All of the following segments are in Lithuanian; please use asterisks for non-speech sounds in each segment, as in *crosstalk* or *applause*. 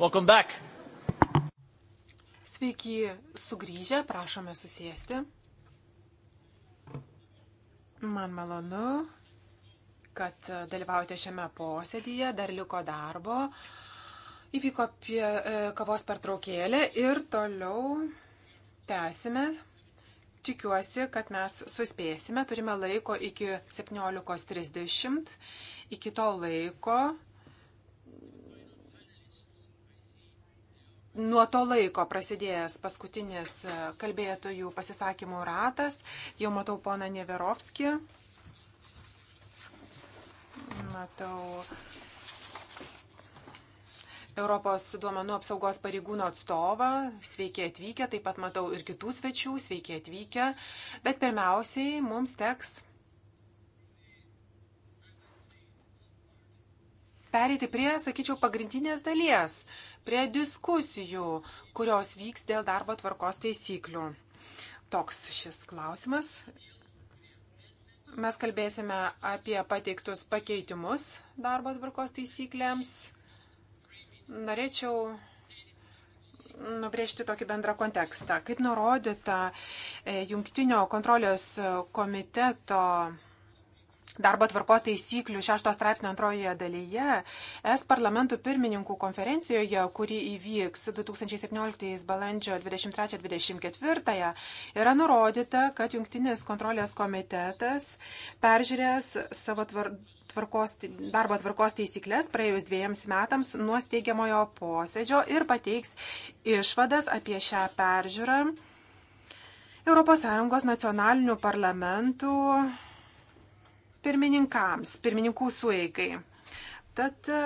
Welcome back. Sveiki sugrįžę, prašome susėsti. Man malonu, kad dalyvaujate šiame posėdyje, dar liko darbo. Įvyko apie e, kavos pertraukėlę ir toliau tęsime. Tikiuosi, kad mes suspėsime, turime laiko iki 17.30. Iki to laiko nuo to laiko prasidėjęs paskutinis e, kalbėtojų pasisakymų ratas. Jau matau poną Neverovskį. Matau Europos duomenų apsaugos pareigūno atstovą. Sveiki atvykę. Taip pat matau ir kitų svečių. Sveiki atvykę. Bet pirmiausiai mums teks pereiti prie, sakyčiau, pagrindinės dalies, prie diskusijų, kurios vyks dėl darbo tvarkos taisyklių. Toks šis klausimas. Mes kalbėsime apie pateiktus pakeitimus darbo tvarkos taisyklėms. Norėčiau nubrėžti tokį bendrą kontekstą. Kaip nurodyta e, Jungtinio kontrolės komiteto darbo tvarkos taisyklių 6 straipsnio antrojoje dalyje es parlamentų pirmininkų konferencijoje, kuri įvyks 2017 balandžio 23-24, yra nurodyta, kad Junktinės kontrolės komitetas peržiūrės savo tvarkos, darbo tvarkos taisyklės praėjus dviejams metams nuo steigiamojo posėdžio ir pateiks išvadas apie šią peržiūrą. ES nacionalinių parlamentų pirmininkams, pirmininkų sueigai. Tad e,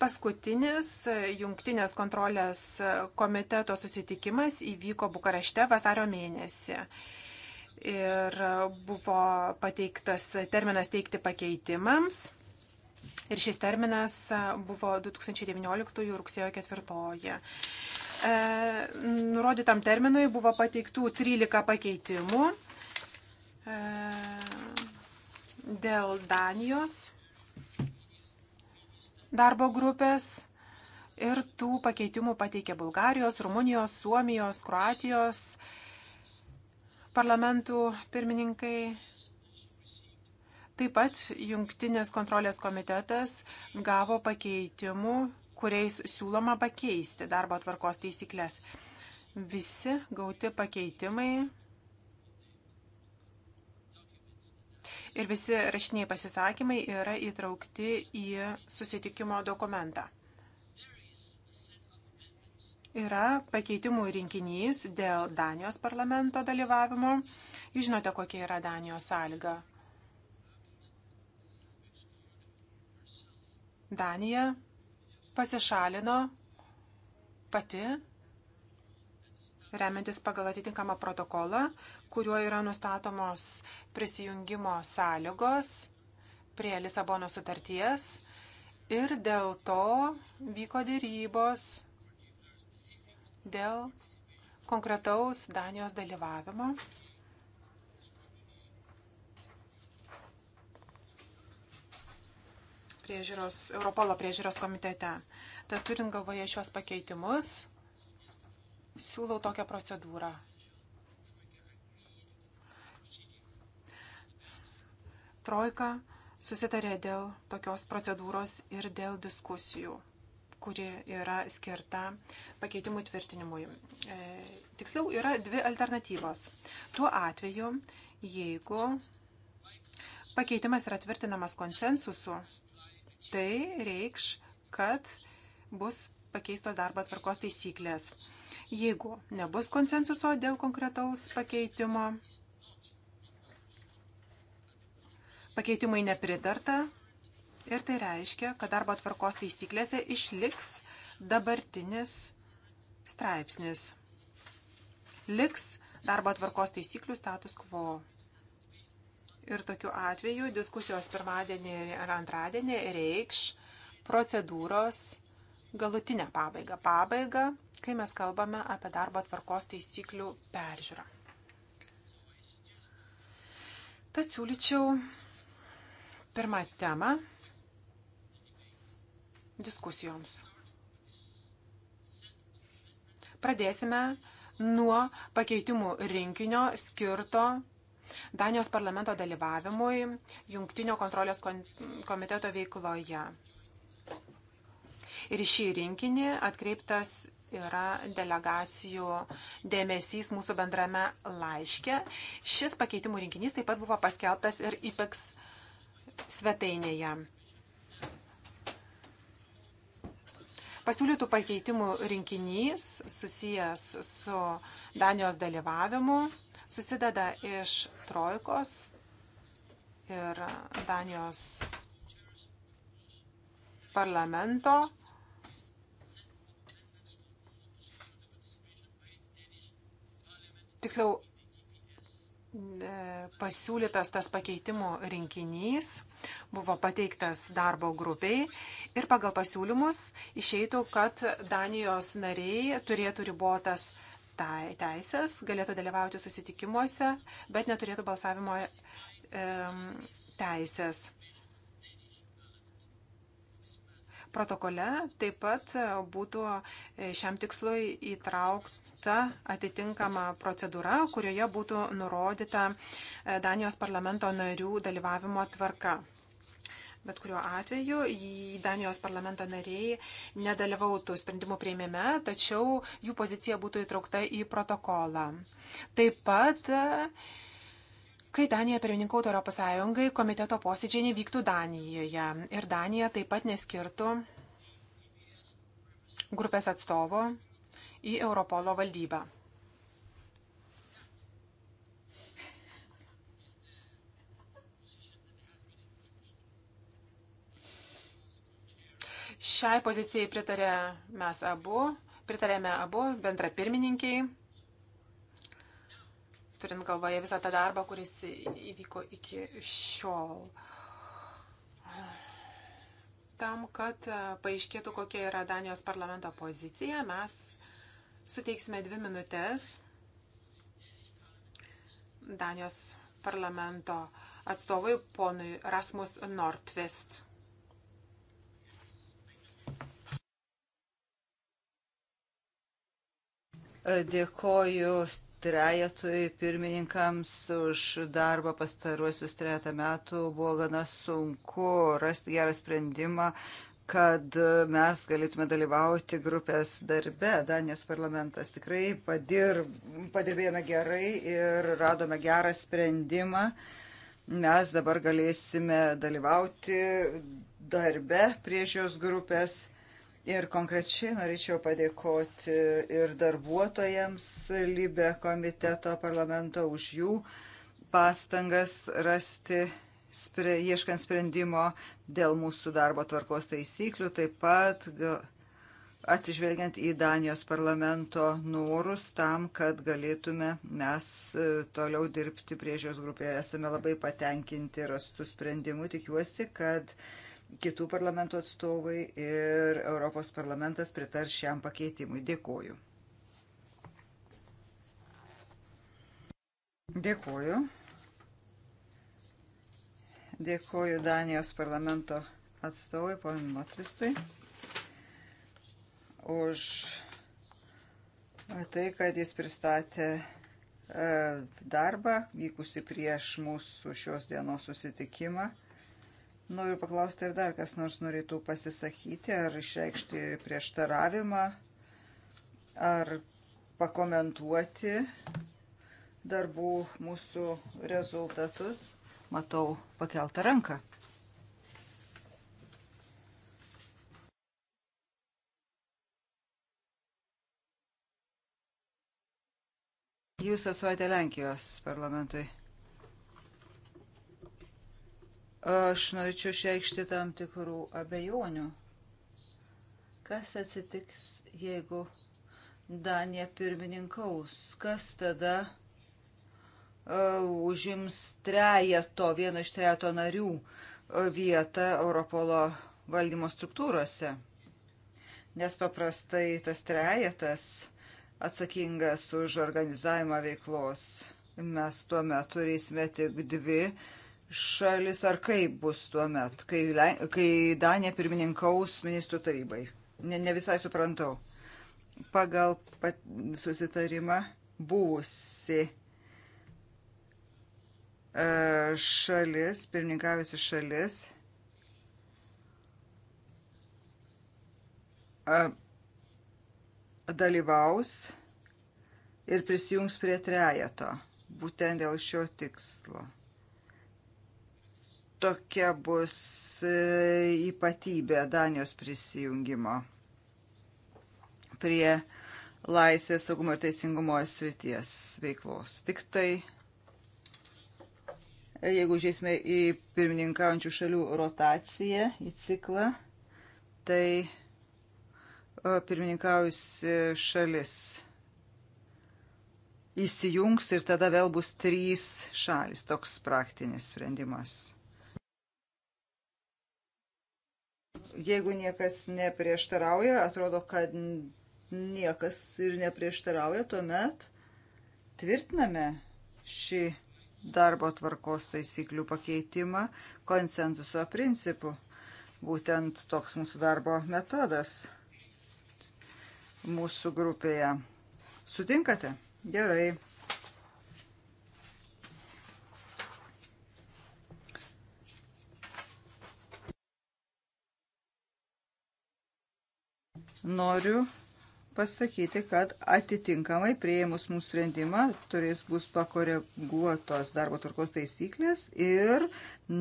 paskutinis e, jungtinės kontrolės e, komiteto susitikimas įvyko Bukarešte vasario mėnesį. Ir buvo pateiktas terminas teikti pakeitimams. Ir šis terminas buvo 2019 rugsėjo 4. Nurodytam terminui buvo pateiktų 13 pakeitimų dėl Danijos darbo grupės ir tų pakeitimų pateikė Bulgarijos, Rumunijos, Suomijos, Kroatijos parlamentų pirmininkai. Taip pat Jungtinės kontrolės komitetas gavo pakeitimų, kuriais siūloma pakeisti darbo tvarkos taisyklės. Visi gauti pakeitimai ir visi rašiniai pasisakymai yra įtraukti į susitikimo dokumentą. Yra pakeitimų rinkinys dėl Danijos parlamento dalyvavimo. Jūs žinote, kokia yra Danijos sąlyga. Danija pasišalino pati remiantis pagal atitinkamą protokolą, kuriuo yra nustatomos prisijungimo sąlygos prie Lisabono sutarties ir dėl to vyko dėrybos dėl konkretaus Danijos dalyvavimo. Priežiūros, Europolo priežiūros komitete. Tad turint galvoje šios pakeitimus, siūlau tokią procedūrą. Trojka susitarė dėl tokios procedūros ir dėl diskusijų, kuri yra skirta pakeitimų tvirtinimui. E, tiksliau, yra dvi alternatyvos. Tuo atveju, jeigu pakeitimas yra tvirtinamas konsensusu, tai reikš, kad bus pakeistos darbo atvarkos taisyklės. Jeigu nebus konsensuso dėl konkretaus pakeitimo, pakeitimai nepritarta ir tai reiškia, kad darbo tvarkos taisyklėse išliks dabartinis straipsnis. Liks darbo tvarkos taisyklių status quo. Ir tokiu atveju diskusijos pirmadienį ir antradienį reikš procedūros galutinę pabaigą. Pabaigą, kai mes kalbame apie darbo tvarkos taisyklių peržiūrą. Tad siūlyčiau pirmą temą diskusijoms. Pradėsime nuo pakeitimų rinkinio skirto Danijos parlamento dalyvavimui jungtinio kontrolės komiteto veikloje. Ir šį rinkinį atkreiptas yra delegacijų dėmesys mūsų bendrame laiške. Šis pakeitimų rinkinys taip pat buvo paskelbtas ir IPEX svetainėje. Pasiūlytų pakeitimų rinkinys susijęs su Danijos dalyvavimu susideda iš trojkos ir Danijos parlamento tiksliau, e, pasiūlytas tas pakeitimų rinkinys, buvo pateiktas darbo grupiai ir pagal pasiūlymus išeitų, kad Danijos nariai turėtų ribotas tai-, teisės, galėtų dalyvauti susitikimuose, bet neturėtų balsavimo e, teisės. Protokole taip pat būtų e, šiam tikslui įtraukti parengta atitinkama procedūra, kurioje būtų nurodyta e, Danijos parlamento narių dalyvavimo tvarka. Bet kuriuo atveju Danijos parlamento nariai nedalyvautų sprendimų prieimime, tačiau jų pozicija būtų įtraukta į protokolą. Taip pat e, Kai Danija pirmininkautų Europos Sąjungai, komiteto posėdžiai nevyktų Danijoje ir Danija taip pat neskirtų grupės atstovo į Europolo valdybą. Šiai pozicijai pritarė mes abu, pritarėme abu bendra pirmininkiai, turint galvoje visą tą darbą, kuris įvyko iki šiol. Tam, kad paaiškėtų, kokia yra Danijos parlamento pozicija, mes Suteiksime dvi minutės Danijos parlamento atstovui ponui Rasmus Nordvest. Dėkoju trejetui pirmininkams už darbą pastaruosius trejetą metų. Buvo gana sunku rasti gerą sprendimą kad mes galėtume dalyvauti grupės darbe. Danijos parlamentas tikrai padir, padirbėjome gerai ir radome gerą sprendimą. Mes dabar galėsime dalyvauti darbe priežios grupės. Ir konkrečiai norėčiau padėkoti ir darbuotojams Libė komiteto parlamento už jų pastangas rasti spre, ieškant sprendimo dėl mūsų darbo tvarkos taisyklių, taip pat atsižvelgiant į Danijos parlamento norus tam, kad galėtume mes e, toliau dirbti priežios grupėje. Esame labai patenkinti rastų sprendimų. Tikiuosi, kad kitų parlamento atstovai ir Europos parlamentas pritar šiam pakeitimui. Dėkoju. Dėkoju. Dėkoju Danijos parlamento atstovui, ponui Motvistui, už tai, kad jis pristatė e, darbą, vykusi prieš mūsų šios dienos susitikimą. Noriu paklausti, ar dar kas nors norėtų pasisakyti, ar išreikšti prieštaravimą, ar pakomentuoti darbų mūsų rezultatus matau pakeltą ranką. Jūs atsuojate Lenkijos parlamentui. Aš norėčiau šeikšti tam tikrų abejonių. Kas atsitiks, jeigu Danija pirmininkaus? Kas tada E, užims trejeto, vieno iš trejeto narių e, vietą Europolo valdymo struktūrose. Nes paprastai tas trejetas atsakingas už organizavimą veiklos. Mes tuo metu turėsime tik dvi šalis, ar kaip bus tuo metu, kai, kai Danė pirmininkaus ministrų tarybai. Ne, ne visai suprantau. Pagal susitarimą buvusi E, šalis, pirmininkavusi šalis, e, dalyvaus ir prisijungs prie trejato, būtent dėl šio tikslo. Tokia bus e, ypatybė Danijos prisijungimo prie laisvės saugumo ir teisingumo srities veiklos. Tik tai Jeigu žiūrėsime į pirmininkaujančių šalių rotaciją, į ciklą, tai pirmininkaujusi šalis įsijungs ir tada vėl bus trys šalis. Toks praktinis sprendimas. Jeigu niekas neprieštarauja, atrodo, kad niekas ir neprieštarauja, tuomet tvirtiname šį darbo tvarkos taisyklių pakeitimą konsensuso principu. Būtent toks mūsų darbo metodas mūsų grupėje. Sutinkate? Gerai. Noriu pasakyti, kad atitinkamai prieimus mūsų sprendimą turės bus pakoreguotos darbo tvarkos taisyklės ir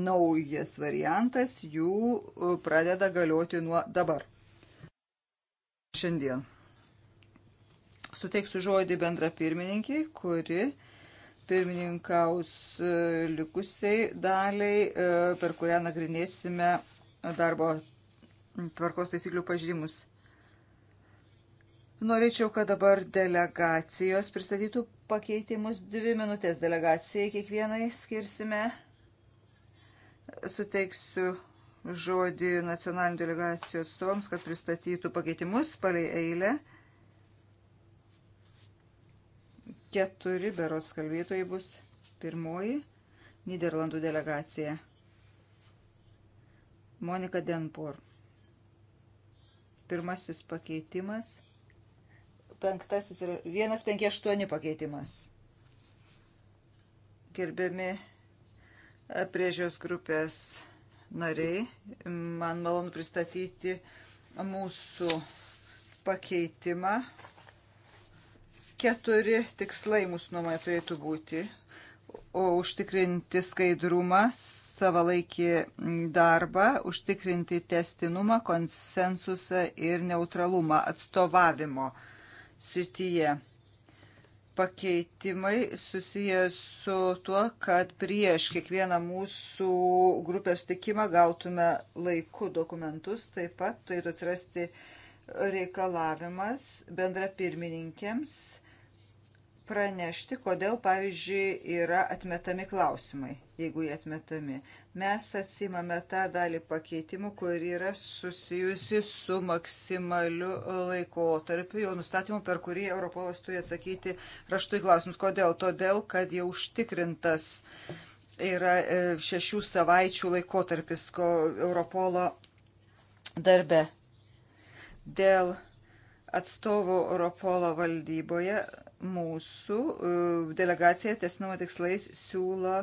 naujas variantas jų uh, pradeda galioti nuo dabar. Šiandien. Suteiksiu žodį bendra pirmininkiai, kuri pirmininkaus uh, likusiai daliai, uh, per kurią nagrinėsime darbo tvarkos taisyklių pažymus. Norėčiau, kad dabar delegacijos pristatytų pakeitimus. Dvi minutės delegacijai kiekvienai skirsime. Suteiksiu žodį nacionalinių delegacijų atstovams, kad pristatytų pakeitimus palei eilę. Keturi berots kalbėtojai bus. Pirmoji – Niderlandų delegacija. Monika Denpor. Pirmasis pakeitimas – penktasis ir 158 pakeitimas. Gerbiami priežios grupės nariai, man malonu pristatyti mūsų pakeitimą. Keturi tikslai mūsų nuomonė turėtų būti. O užtikrinti skaidrumą, savalaikį darbą, užtikrinti testinumą, konsensusą ir neutralumą atstovavimo. Uh, srityje. Pakeitimai susiję su tuo, kad prieš kiekvieną mūsų grupės sutikimą gautume laiku dokumentus, taip pat turėtų atrasti reikalavimas bendra pirmininkėms pranešti, kodėl, pavyzdžiui, yra atmetami klausimai, jeigu jie atmetami. Mes atsimame tą dalį pakeitimų, kur yra susijusi su maksimaliu laikotarpiu, jo nustatymu, per kurį Europolas turi atsakyti raštų į klausimus. Kodėl? Todėl, kad jau užtikrintas yra e, šešių savaičių laikotarpis Europolo darbe. Dėl atstovų Europolo valdyboje mūsų e, delegacija tesnumo tikslais siūlo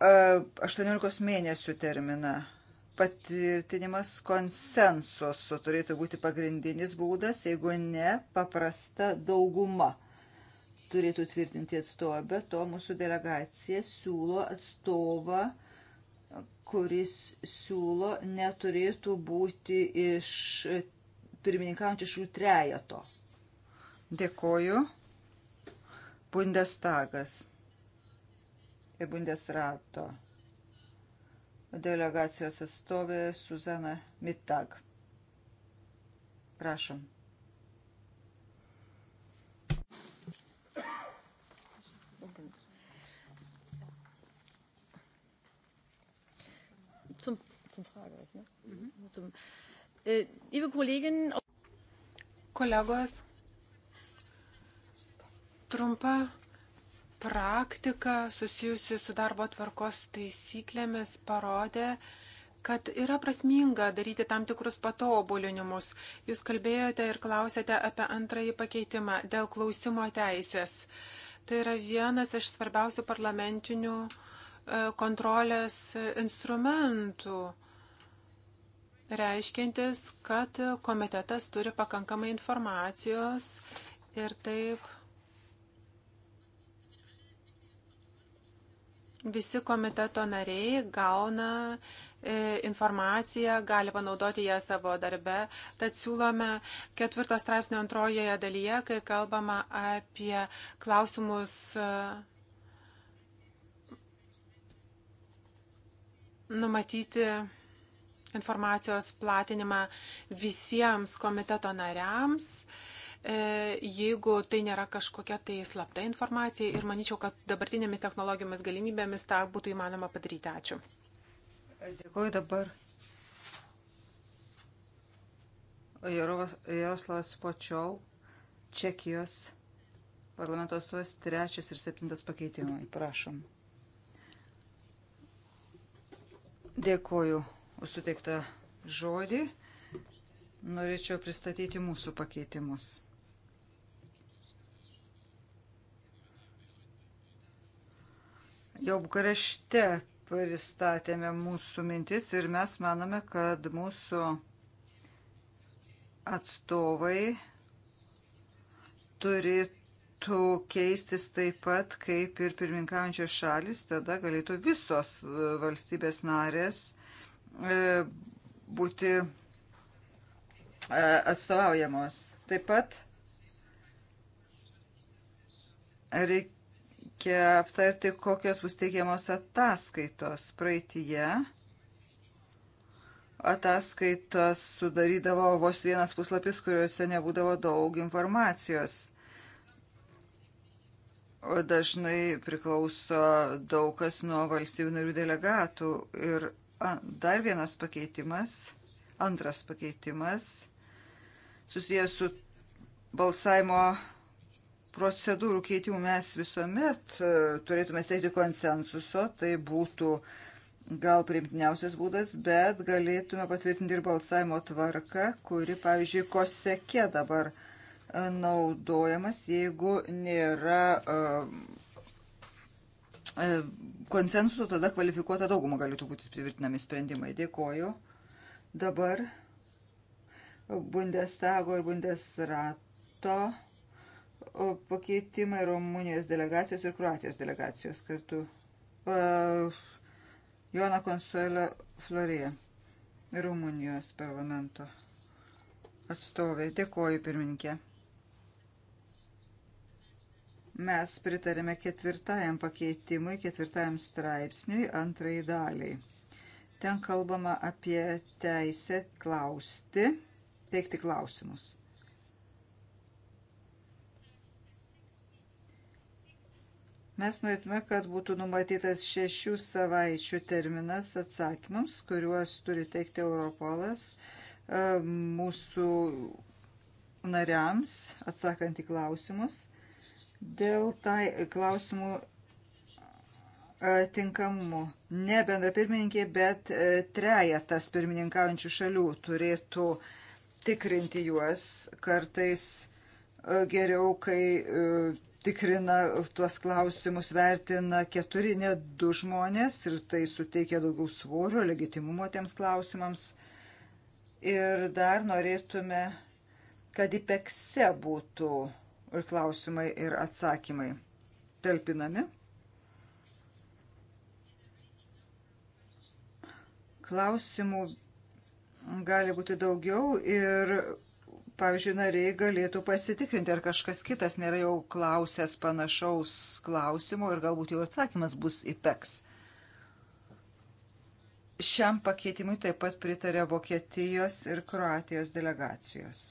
18 e, mėnesių terminą. Patvirtinimas konsensuso turėtų būti pagrindinis būdas, jeigu ne paprasta dauguma turėtų tvirtinti atstovą. Be to, mūsų delegacija siūlo atstovą, kuris siūlo neturėtų būti iš pirmininkaujančių trejato Dėkoju. Bundestagas ir Bundesrato delegacijos atstovė Suzana Mittag. Prašom. Zum, zum Fragerecht, ne? Mhm. Zum, äh, liebe Kolleginnen, Kollegos, Trumpa praktika susijusi su darbo tvarkos taisyklėmis parodė, kad yra prasminga daryti tam tikrus patobulinimus. Jūs kalbėjote ir klausėte apie antrąjį pakeitimą dėl klausimo teisės. Tai yra vienas iš svarbiausių parlamentinių e, kontrolės instrumentų, reiškintis, kad komitetas turi pakankamai informacijos ir taip Visi komiteto nariai gauna e, informaciją, gali panaudoti ją savo darbe. Tad siūlome ketvirtos straipsnio antrojoje dalyje, kai kalbama apie klausimus e, numatyti informacijos platinimą visiems komiteto nariams. E, E, jeigu tai nėra kažkokia tai slapta informacija ir manyčiau, kad dabartinėmis technologijomis galimybėmis tą būtų įmanoma padaryti. Ačiū. Dėkuoju dabar. Jaroslavas Počiol, Čekijos parlamentos tuos trečias ir septintas pakeitimai. Prašom. Dėkuoju už suteiktą žodį. Norėčiau pristatyti mūsų pakeitimus. Jau Bukarešte pristatėme mūsų mintis ir mes manome, kad mūsų atstovai turėtų keistis taip pat, kaip ir pirmininkaujančios šalis, tada galėtų visos valstybės narės e, būti e, atstovaujamos. Taip pat reikia reikia aptarti, kokios bus teigiamos ataskaitos praeitie. Ataskaitos sudarydavo vos vienas puslapis, kuriuose nebūdavo daug informacijos. O dažnai priklauso daug kas nuo valstybių narių delegatų. Ir dar vienas pakeitimas, antras pakeitimas, susijęs su balsavimo procedūrų keitimų mes visuomet e, turėtume siekti konsensuso, tai būtų gal primtiniausias būdas, bet galėtume patvirtinti ir balsavimo tvarką, kuri, pavyzdžiui, kosekė dabar e, naudojamas, jeigu nėra e, konsensuso, tada kvalifikuota dauguma galėtų būti privirtinami sprendimai. Dėkoju. Dabar Bundestago ir Bundesrato pakeitimai Rumunijos delegacijos ir Kroatijos delegacijos kartu. Uh, Jona Konsuelio Florija, Rumunijos parlamento atstovė. Dėkoju, pirmininkė. Mes pritarėme ketvirtajam pakeitimui, ketvirtajam straipsniui, antrai daliai. Ten kalbama apie teisę klausti, teikti klausimus. Mes norėtume, kad būtų numatytas šešių savaičių terminas atsakymams, kuriuos turi teikti Europolas e, mūsų nariams, atsakant į klausimus. Dėl tai klausimų e, tinkamumo. Ne bendra pirmininkė, bet e, trejatas pirmininkaujančių šalių turėtų tikrinti juos kartais geriau, kai tikrina tuos klausimus, vertina keturi, ne du žmonės ir tai suteikia daugiau svorio, legitimumo tiems klausimams. Ir dar norėtume, kad įpekse būtų ir klausimai, ir atsakymai talpinami. Klausimų gali būti daugiau ir pavyzdžiui, nariai galėtų pasitikrinti, ar kažkas kitas nėra jau klausęs panašaus klausimo ir galbūt jau atsakymas bus įpeks. Šiam pakeitimui taip pat pritarė Vokietijos ir Kroatijos delegacijos.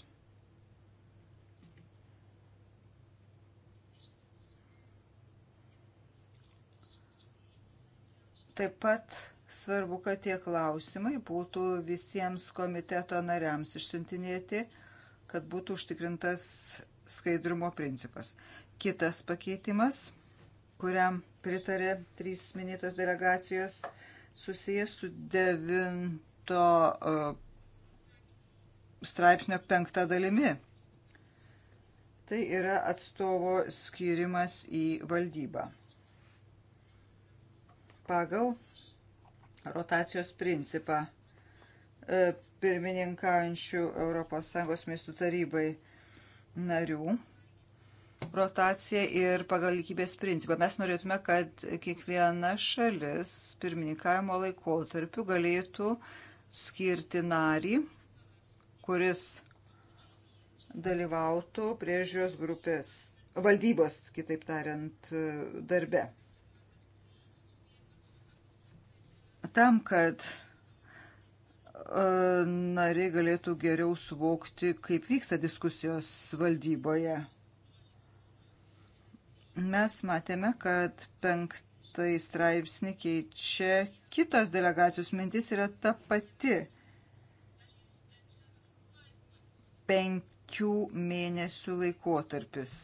Taip pat svarbu, kad tie klausimai būtų visiems komiteto nariams išsiuntinėti kad būtų užtikrintas skaidrumo principas. Kitas pakeitimas, kuriam pritarė trys minėtos delegacijos, susijęs su devinto e, straipsnio penktą dalimi. Tai yra atstovo skirimas į valdybą. Pagal rotacijos principą e, pirmininkaujančių ES ministrų tarybai narių rotacija ir pagal lygybės principą. Mes norėtume, kad kiekviena šalis pirmininkavimo laikotarpiu galėtų skirti narį, kuris dalyvautų priežiūros grupės valdybos, kitaip tariant, darbe. Tam, kad E, nariai galėtų geriau suvokti, kaip vyksta diskusijos valdyboje. Mes matėme, kad penktai straipsnį keičia kitos delegacijos mintis yra ta pati. Penkių mėnesių laikotarpis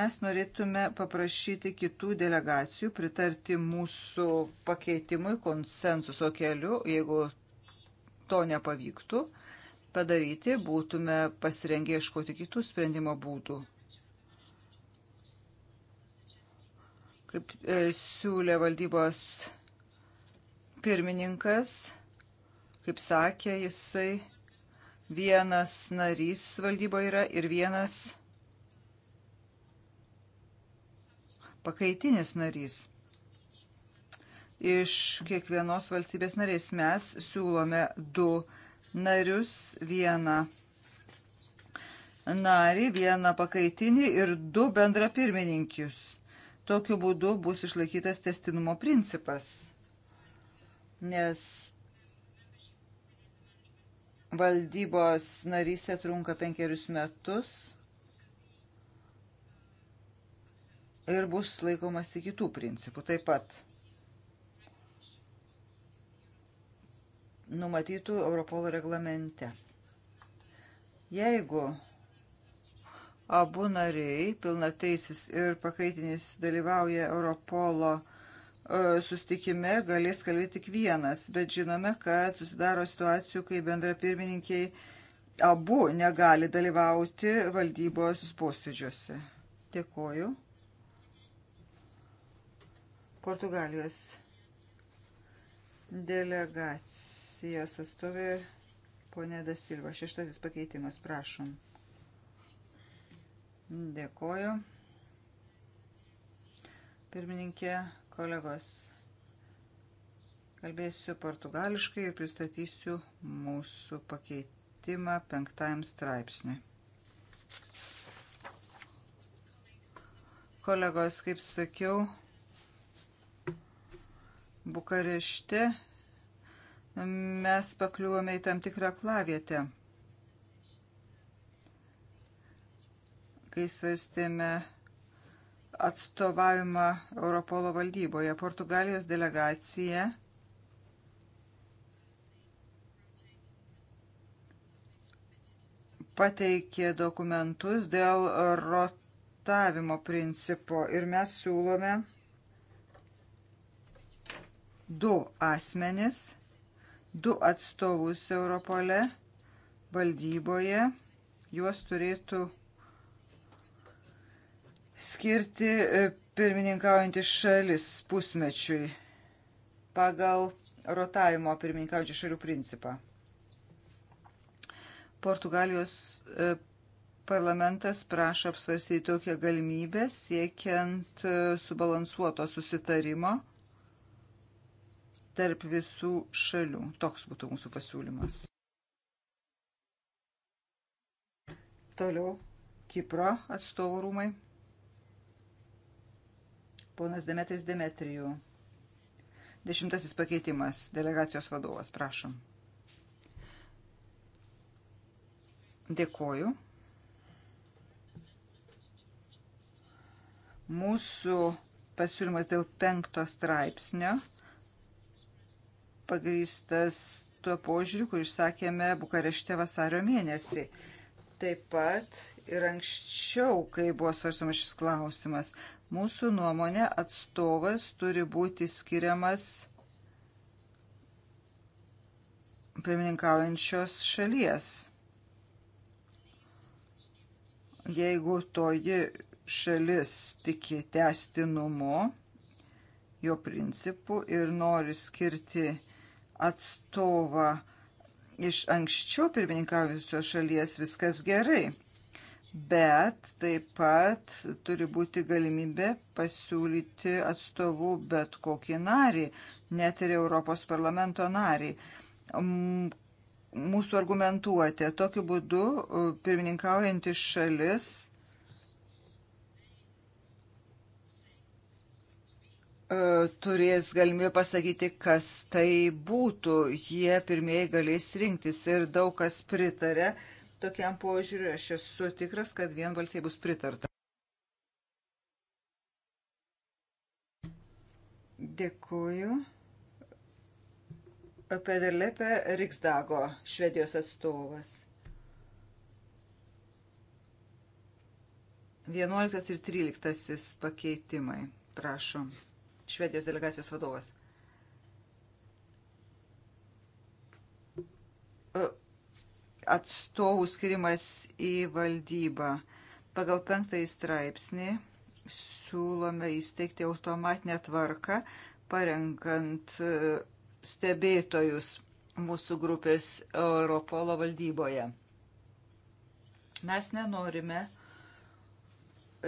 mes norėtume paprašyti kitų delegacijų pritarti mūsų pakeitimui konsensuso keliu, jeigu to nepavyktų padaryti, būtume pasirengę ieškoti kitų sprendimo būdų. Kaip e, siūlė valdybos pirmininkas, kaip sakė jisai, vienas narys valdyboje yra ir vienas pakaitinis narys iš kiekvienos valstybės narės. Mes siūlome du narius, vieną narį, vieną pakaitinį ir du bendra pirmininkius. Tokiu būdu bus išlaikytas testinumo principas, nes valdybos narystė trunka penkerius metus ir bus laikomasi kitų principų taip pat. numatytų Europolo reglamente. Jeigu abu nariai, pilnateisis ir pakaitinis, dalyvauja Europolo e, sustikime, galės kalbėti tik vienas, bet žinome, kad susidaro situacijų, kai bendra pirmininkiai abu negali dalyvauti valdybos posėdžiuose. Dėkoju. Portugalijos delegacija komisijos atstovė ponė Dasilva. Šeštasis pakeitimas, prašom. Dėkoju. Pirmininkė, kolegos, kalbėsiu portugališkai ir pristatysiu mūsų pakeitimą penktajam straipsniui. kolegos, kaip sakiau, Bukarešte mes pakliuvome į tam tikrą klavietę. Kai svarstėme atstovavimą Europolo valdyboje, Portugalijos delegacija pateikė dokumentus dėl rotavimo principo ir mes siūlome du asmenis du atstovus Europole valdyboje. Juos turėtų skirti e, pirmininkaujantis šalis pusmečiui pagal rotavimo pirmininkaujančių šalių principą. Portugalijos e, parlamentas prašo apsvarstyti tokią galimybę siekiant e, subalansuoto susitarimo tarp visų šalių. Toks būtų mūsų pasiūlymas. Toliau Kipro atstovų rūmai. Ponas Demetris Demetrijų. Dešimtasis pakeitimas. Delegacijos vadovas. Prašom. Dėkoju. Mūsų pasiūlymas dėl penkto straipsnio pagrįstas tuo požiūriu, kur išsakėme Bukarešte vasario mėnesį. Taip pat ir anksčiau, kai buvo svarstamas šis klausimas, mūsų nuomonė atstovas turi būti skiriamas pirmininkaujančios šalies. Jeigu toji šalis tiki testinumu, jo principų ir nori skirti atstovą iš anksčiau pirmininkavusios šalies, viskas gerai. Bet taip pat turi būti galimybė pasiūlyti atstovų bet kokį narį, net ir Europos parlamento narį mūsų argumentuoti. Tokiu būdu uh, pirmininkaujantis šalis E, turės galimybę pasakyti, kas tai būtų. Jie pirmieji galės rinktis ir daug kas pritarė tokiam požiūriu. Aš esu tikras, kad vienbalsiai bus pritarta. Dėkuoju. Pederlepe Riksdago, Švedijos atstovas. 11 ir 13 pakeitimai. Prašom. Švedijos delegacijos vadovas. E, atstovų skirimas į valdybą. Pagal penktąjį straipsnį siūlome įsteigti automatinę tvarką, parenkant e, stebėtojus mūsų grupės Europolo valdyboje. Mes nenorime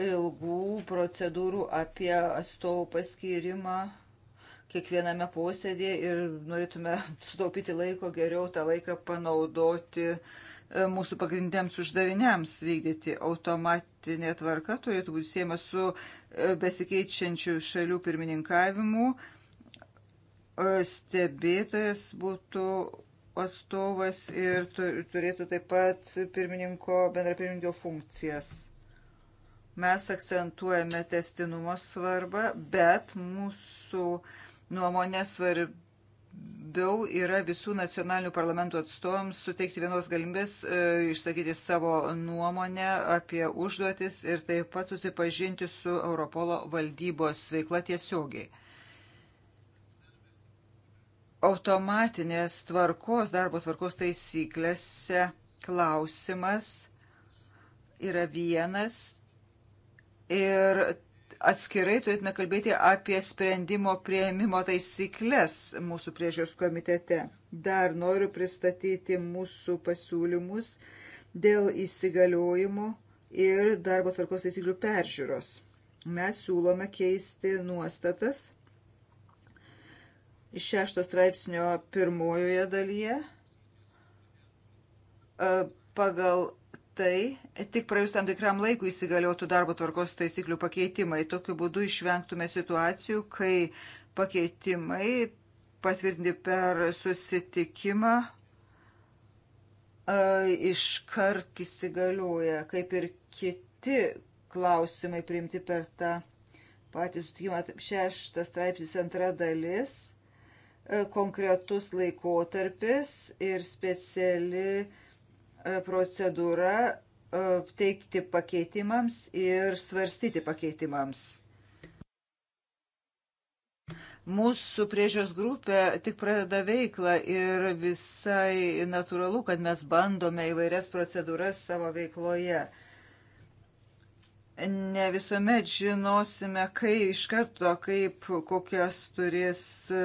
ilgų procedūrų apie atstovų paskirimą kiekviename posėdėje ir norėtume *laughs* sutaupyti laiko, geriau tą laiką panaudoti e, mūsų pagrindiniams uždaviniams vykdyti. Automatinė tvarka turėtų būti siejama su e, besikeičiančių šalių pirmininkavimu. E, stebėtojas būtų atstovas ir turėtų taip pat pirmininko, bendrapirmininko funkcijas Mes akcentuojame testinumo svarbą, bet mūsų nuomonė svarbiau yra visų nacionalinių parlamentų atstovams suteikti vienos galimybės e, išsakyti savo nuomonę apie užduotis ir taip pat susipažinti su Europolo valdybos veikla tiesiogiai automatinės tvarkos, darbo tvarkos taisyklėse klausimas yra vienas, ir atskirai turėtume kalbėti apie sprendimo prieimimo taisyklės mūsų priežiūros komitete. Dar noriu pristatyti mūsų pasiūlymus dėl įsigaliojimo ir darbo tvarkos taisyklių peržiūros. Mes siūlome keisti nuostatas iš šešto straipsnio pirmojoje dalyje, pagal tai tik praėjus tam tikram laikui įsigaliotų darbo tvarkos taisyklių pakeitimai. Tokiu būdu išvengtume situacijų, kai pakeitimai patvirtinti per susitikimą e, iškart įsigalioja, kaip ir kiti klausimai priimti per tą patį sutikimą. Šeštas straipsnis antra dalis, e, konkretus laikotarpis ir speciali procedūra e, teikti pakeitimams ir svarstyti pakeitimams. Mūsų priežios grupė tik pradeda veiklą ir visai natūralu, kad mes bandome įvairias procedūras savo veikloje uh, ne visuomet žinosime, kai iš karto, kaip kokias turės e,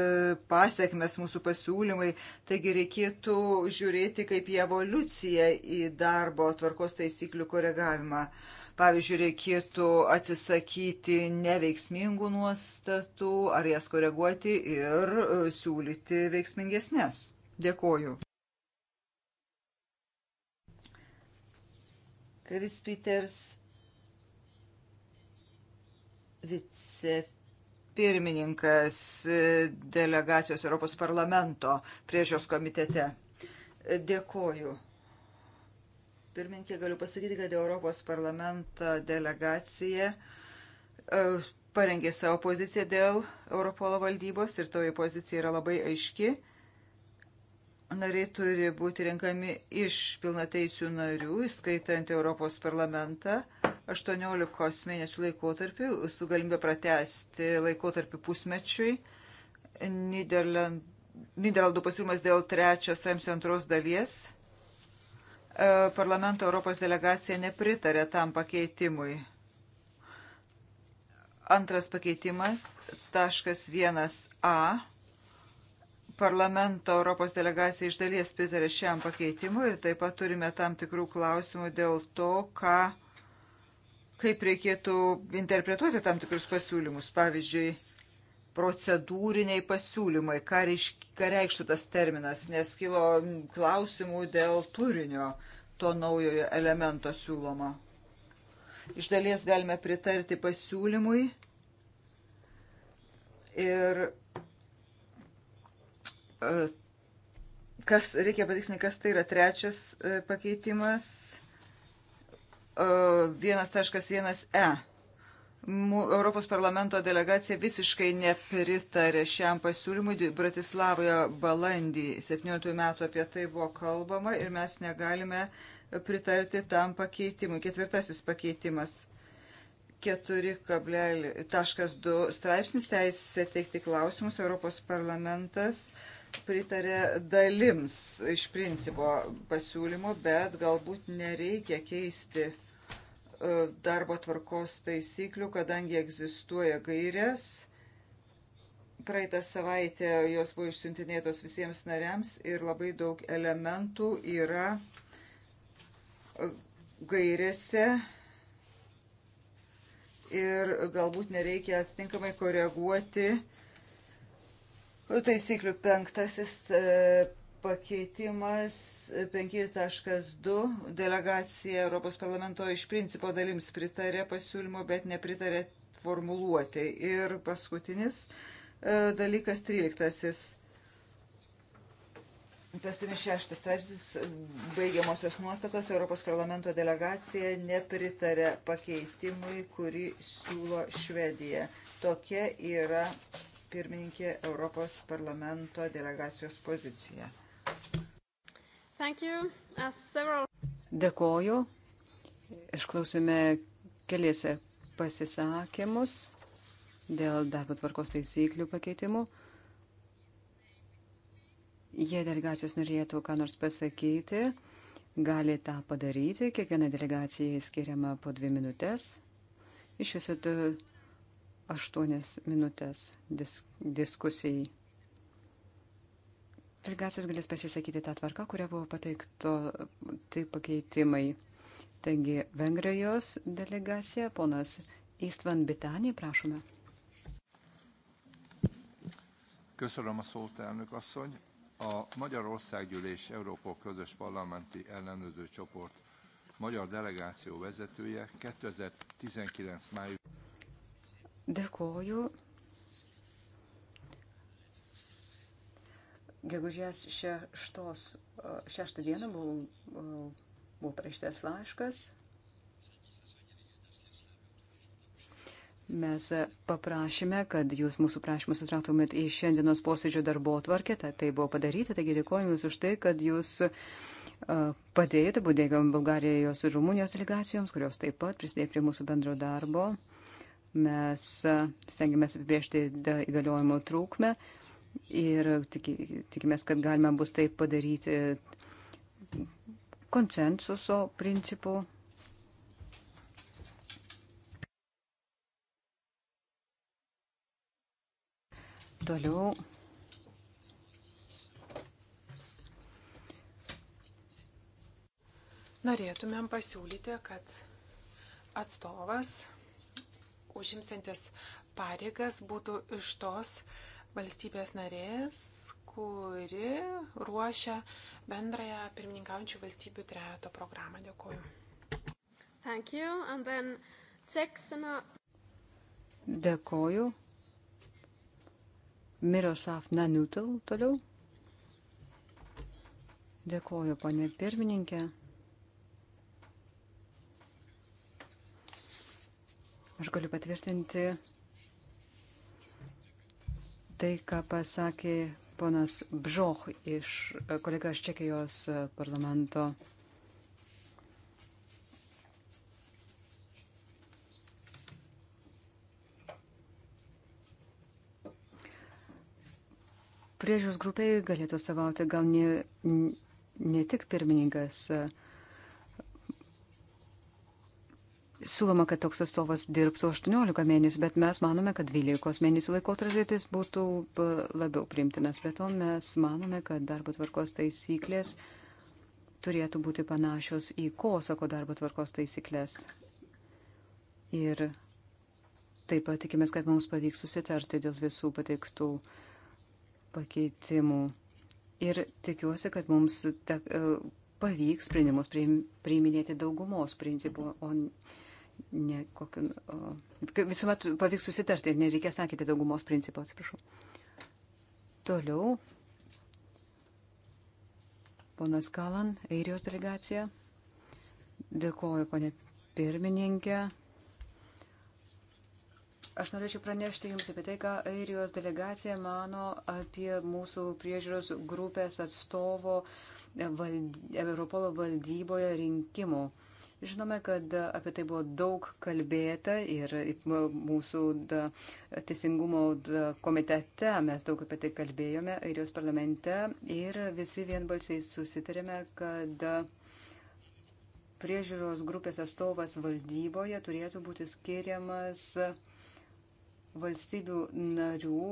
pasiekmes mūsų pasiūlymai. Taigi reikėtų žiūrėti kaip į evoliuciją į darbo tvarkos taisyklių koregavimą. Pavyzdžiui, reikėtų atsisakyti neveiksmingų nuostatų ar jas koreguoti ir e, siūlyti veiksmingesnės. Dėkoju. Kris Peters vicepirmininkas delegacijos Europos parlamento priežios komitete. Dėkoju. Pirmininkė, galiu pasakyti, kad Europos parlamento delegacija e, parengė savo poziciją dėl Europolo valdybos ir toji pozicija yra labai aiški. Nariai turi būti renkami iš pilnateisių narių, įskaitant Europos parlamentą. 18 mėnesių laikotarpių su galimybė pratesti laikotarpį pusmečiui. Niderland, Niderlandų pasiūlymas dėl trečios ramsio antros dalies. E, parlamento Europos delegacija nepritarė tam pakeitimui. Antras pakeitimas, taškas 1a. Parlamento Europos delegacija iš dalies pritarė šiam pakeitimui ir taip pat turime tam tikrų klausimų dėl to, ką kaip reikėtų interpretuoti tam tikrus pasiūlymus. Pavyzdžiui, procedūriniai pasiūlymai, ką, reišk, ką reikštų tas terminas, nes kilo klausimų dėl turinio to naujojo elemento siūloma. Iš dalies galime pritarti pasiūlymui ir e, kas, reikia patikslinti, kas tai yra trečias e, pakeitimas 1.1e. Europos parlamento delegacija visiškai nepritarė šiam pasiūlymui. Bratislavoje balandį 17 metų apie tai buvo kalbama ir mes negalime pritarti tam pakeitimui. Ketvirtasis pakeitimas. 4.2 straipsnis teisė teikti klausimus Europos parlamentas pritarė dalims iš principo pasiūlymo, bet galbūt nereikia keisti e, darbo tvarkos taisyklių, kadangi egzistuoja gairės. Praeitą savaitę jos buvo išsiuntinėtos visiems nariams ir labai daug elementų yra e, gairėse ir galbūt nereikia atitinkamai koreguoti uh, taisyklių penktasis e, pakeitimas 5.2 e, delegacija Europos parlamento iš principo dalims pritarė pasiūlymo, bet nepritarė formuluotė. Ir paskutinis e, dalykas 13. Pasimis šeštas straipsnis baigiamosios nuostatos Europos parlamento delegacija nepritarė pakeitimui, kurį siūlo Švedija. Tokia yra pirmininkė Europos parlamento delegacijos poziciją. Several... Dėkoju. Išklausime keliose pasisakymus dėl darbo tvarkos taisyklių pakeitimų. Jei delegacijos norėtų ką nors pasakyti, gali tą padaryti. Kiekviena delegacija skiriama po dvi minutės. Iš viso aštuonias minutės disk diskusijai. Delegacijos galės pasisakyti tą tvarką, kuria buvo pateikto tai pakeitimai. Taigi, Vengrijos delegacija, ponas Istvan Bitanė, prašome. Köszönöm a szót, elnök asszony. A Magyarországgyűlés Európa Közös Parlamenti Ellenőrző Csoport magyar delegáció vezetője 2019. május Dėkoju. Gegužės šeštos, šeštą dieną buvo, buvo prašytas laiškas. Mes paprašėme, kad jūs mūsų prašymus atratumėt į šiandienos posėdžio darbo tvarkę. Tai buvo padaryta, taigi dėkojame jums už tai, kad jūs padėjote būdėgiam Bulgarijos ir Rumunijos delegacijoms, kurios taip pat prisidėjo prie mūsų bendro darbo. Mes e, stengiamės apibriežti įgaliojimo trūkmę ir tikimės, kad galima bus tai padaryti konsensuso principu. Toliau norėtumėm pasiūlyti, kad atstovas užimsintis pareigas būtų iš tos valstybės narės, kuri ruošia bendrąją pirmininkaujančių valstybių trejato programą. Dėkuoju. Thank you. And then Ceksena. Uh, Dėkuoju. Miroslav Nanutel toliau. Dėkuoju, ponė pirmininkė. Aš galiu patvirtinti tai, ką pasakė ponas Bžoch iš e, kolega iš Čekijos e, parlamento. priežiūros grupiai galėtų savauti gal ne, ne tik pirmininkas, e, Siūloma, kad toks atstovas dirbtų 18 mėnesių, bet mes manome, kad 12 mėnesių laikotarpis būtų e, labiau primtinas. Be to mes manome, kad darbo tvarkos taisyklės turėtų būti panašios į Kosako darbo tvarkos taisyklės. Ir taip pat tikimės, kad mums pavyks susitarti dėl visų pateiktų pakeitimų. Ir tikiuosi, kad mums ta, e, pavyks sprendimus priiminėti daugumos principų, o ne, kokiu, o, visuomet pavyks susitarti ir nereikės sakyti daugumos principą, atsiprašau. Toliau. Ponas Kalan, Airijos delegacija. Dėkoju, ponė pirmininkė. Aš norėčiau pranešti Jums apie tai, ką Airijos delegacija mano apie mūsų priežiūros grupės atstovo vald... Europolo valdyboje rinkimų. Žinome, kad e, apie tai buvo daug kalbėta ir e, mūsų da, teisingumo da, komitete mes daug apie tai kalbėjome, Airijos parlamente ir visi vienbalsiai susitarėme, kad e, priežiūros grupės atstovas valdyboje turėtų būti skiriamas valstybių narių,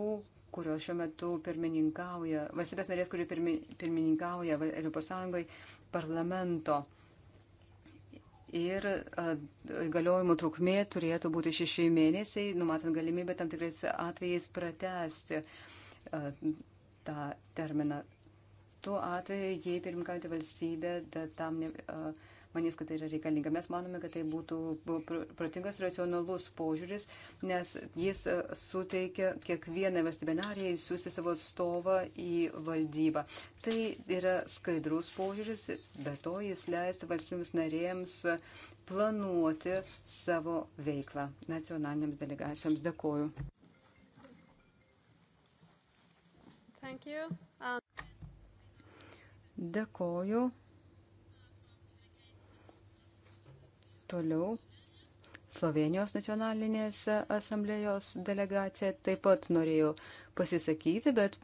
kurios šiuo metu pirmininkauja, valstybės narės, kuri pirmi, pirmininkauja Europos Sąjungai, parlamento ir įgaliojimų trukmė turėtų būti šeši mėnesiai, numatant galimybę tam tikrais atvejais pratesti tą terminą. Tuo atveju, jei pirmkaujantį valstybę tam ne, a, manys, kad tai yra reikalinga. Mes manome, kad tai būtų protingas racionalus požiūris, nes jis e, suteikia kiekvieną valstybę narį įsiųsti savo atstovą į valdybą. Tai yra skaidrus požiūris, be to jis leistų valstybėms narėms planuoti savo veiklą nacionalinėms delegacijoms. Dėkuoju. Um... Dėkoju. Toliau Slovenijos nacionalinės asamblėjos delegacija taip pat norėjo pasisakyti, bet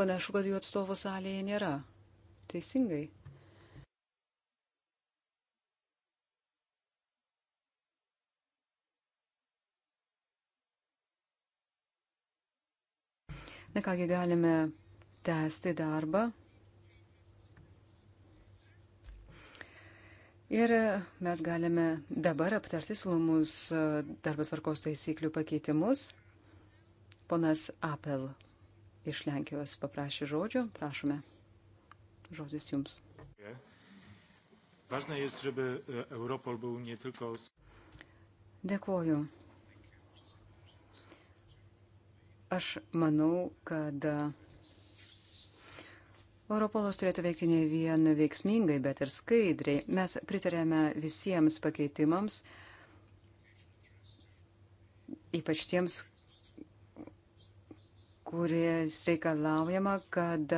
panašu, kad jų atstovų salėje nėra. Teisingai. Na kągi, galime tęsti darbą. Ir mes galime dabar aptarti siūlomus e, darbo tvarkos taisyklių pakeitimus. Ponas Apel iš Lenkijos paprašė žodžio. Prašome. Žodis jums. E, Dėkoju. Aš manau, kad Europolas turėtų veikti ne vien veiksmingai, bet ir skaidriai. Mes pritarėme visiems pakeitimams, ypač tiems, kuris reikalaujama, kad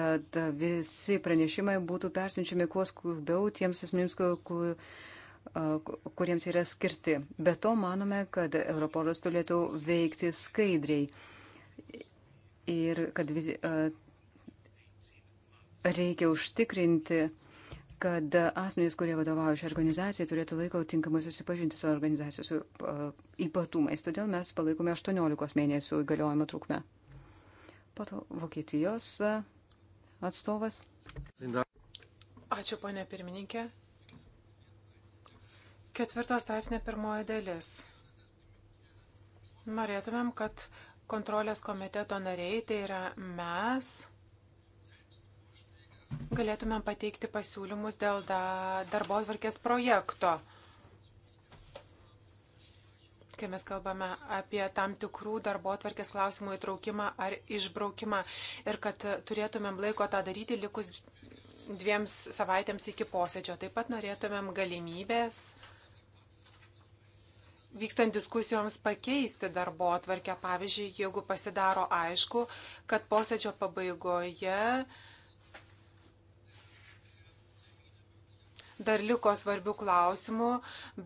visi pranešimai būtų persinčiami kuo skubiau tiems asmenims, kur, kuriems yra skirti. Be to manome, kad Europolas turėtų veikti skaidriai ir kad visi, reikia užtikrinti, kad asmenys, kurie vadovauja šią organizaciją, turėtų laiko tinkamai susipažinti su organizacijos ypatumais. Todėl mes palaikome 18 mėnesių įgaliojimo trukmę. Po to Vokietijos atstovas. Ačiū, ponė pirmininkė. Ketvirtos straipsnė pirmoji dalis. Norėtumėm, kad kontrolės komiteto nariai, tai yra mes, galėtume pateikti pasiūlymus dėl darbo atvarkės projekto. Kai mes kalbame apie tam tikrų darbo atvarkės klausimų įtraukimą ar išbraukimą ir kad turėtumėm laiko tą daryti likus dviems savaitėms iki posėdžio. Taip pat norėtumėm galimybės vykstant diskusijoms pakeisti darbo atvarkę. Pavyzdžiui, jeigu pasidaro aišku, kad posėdžio pabaigoje dar liko svarbių klausimų,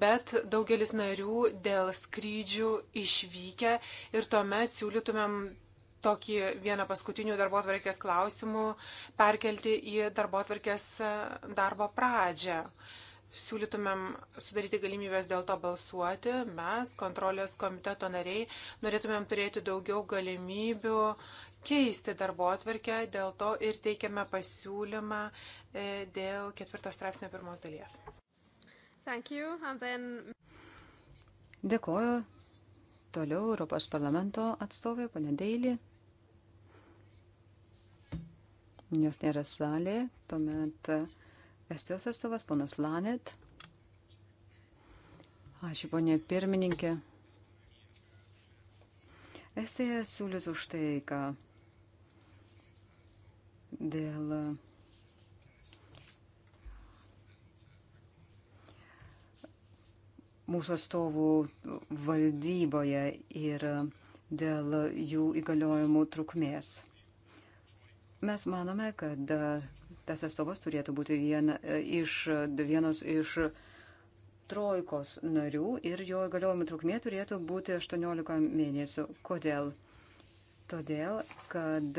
bet daugelis narių dėl skrydžių išvykę ir tuomet siūlytumėm tokį vieną paskutinių darbo atvarkės klausimų perkelti į darbo atvarkės e, darbo pradžią. Siūlytumėm sudaryti galimybės dėl to balsuoti. Mes, kontrolės komiteto nariai, norėtumėm turėti daugiau galimybių keisti darbo atverkę, dėl to ir teikiame pasiūlymą e, dėl ketvirtos straipsnio pirmos dalies. Then... Dėkoju. Toliau Europos parlamento atstovė, ponė Deilį. Jos nėra salė, tuomet Estijos atstovas, ponas Lanet. Ačiū, ponė pirmininkė. Estija siūlys už tai, ką. Ka dėl e, mūsų atstovų valdyboje ir dėl jų įgaliojimų trukmės. Mes manome, kad e, tas atstovas turėtų būti viena e, iš, vienos iš trojkos narių ir jo įgaliojimų trukmė turėtų būti 18 mėnesių. Kodėl? Todėl, kad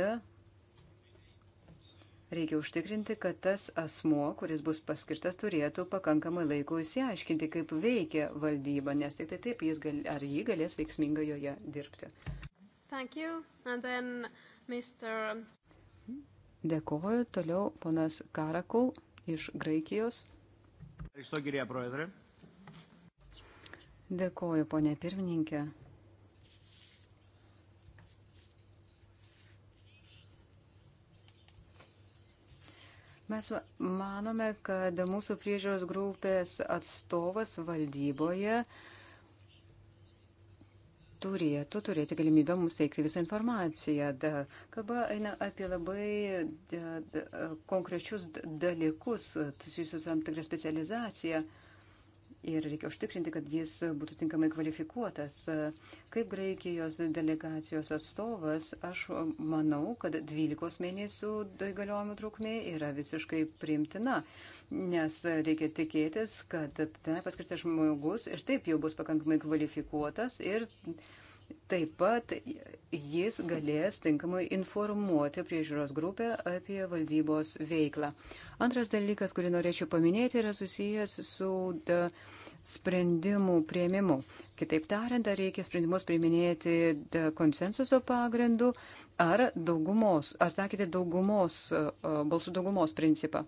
Reikia užtikrinti, kad tas asmo, kuris bus paskirtas, turėtų pakankamai laiko įsiaiškinti, kaip veikia valdyba, nes tik tai taip jis gal, ar jį galės veiksmingai joje dirbti. Mister... Dėkoju. Toliau ponas Karakul iš Graikijos. Dėkoju, ponė pirmininkė. Mes manome, kad mūsų priežiūros grupės atstovas valdyboje turėtų turėti galimybę mums teikti visą informaciją. Da, kalba eina apie labai da, da, konkrečius dalykus, susijusius tam tikrą specializaciją. Uh, ir reikia užtikrinti, kad jis būtų tinkamai kvalifikuotas. Kaip Graikijos delegacijos atstovas, aš manau, kad 12 mėnesių įgaliojimų trukmė yra visiškai primtina, nes reikia tikėtis, kad ten paskirtas žmogus ir taip jau bus pakankamai kvalifikuotas ir Taip pat jis galės tinkamai informuoti priežiūros grupę apie valdybos veiklą. Antras dalykas, kurį norėčiau paminėti, yra susijęs su e, sprendimų prieimimu. Kitaip tariant, ar reikia sprendimus priiminėti e, konsensuso pagrindu ar daugumos, ar taikyti daugumos, e, balsų daugumos principą.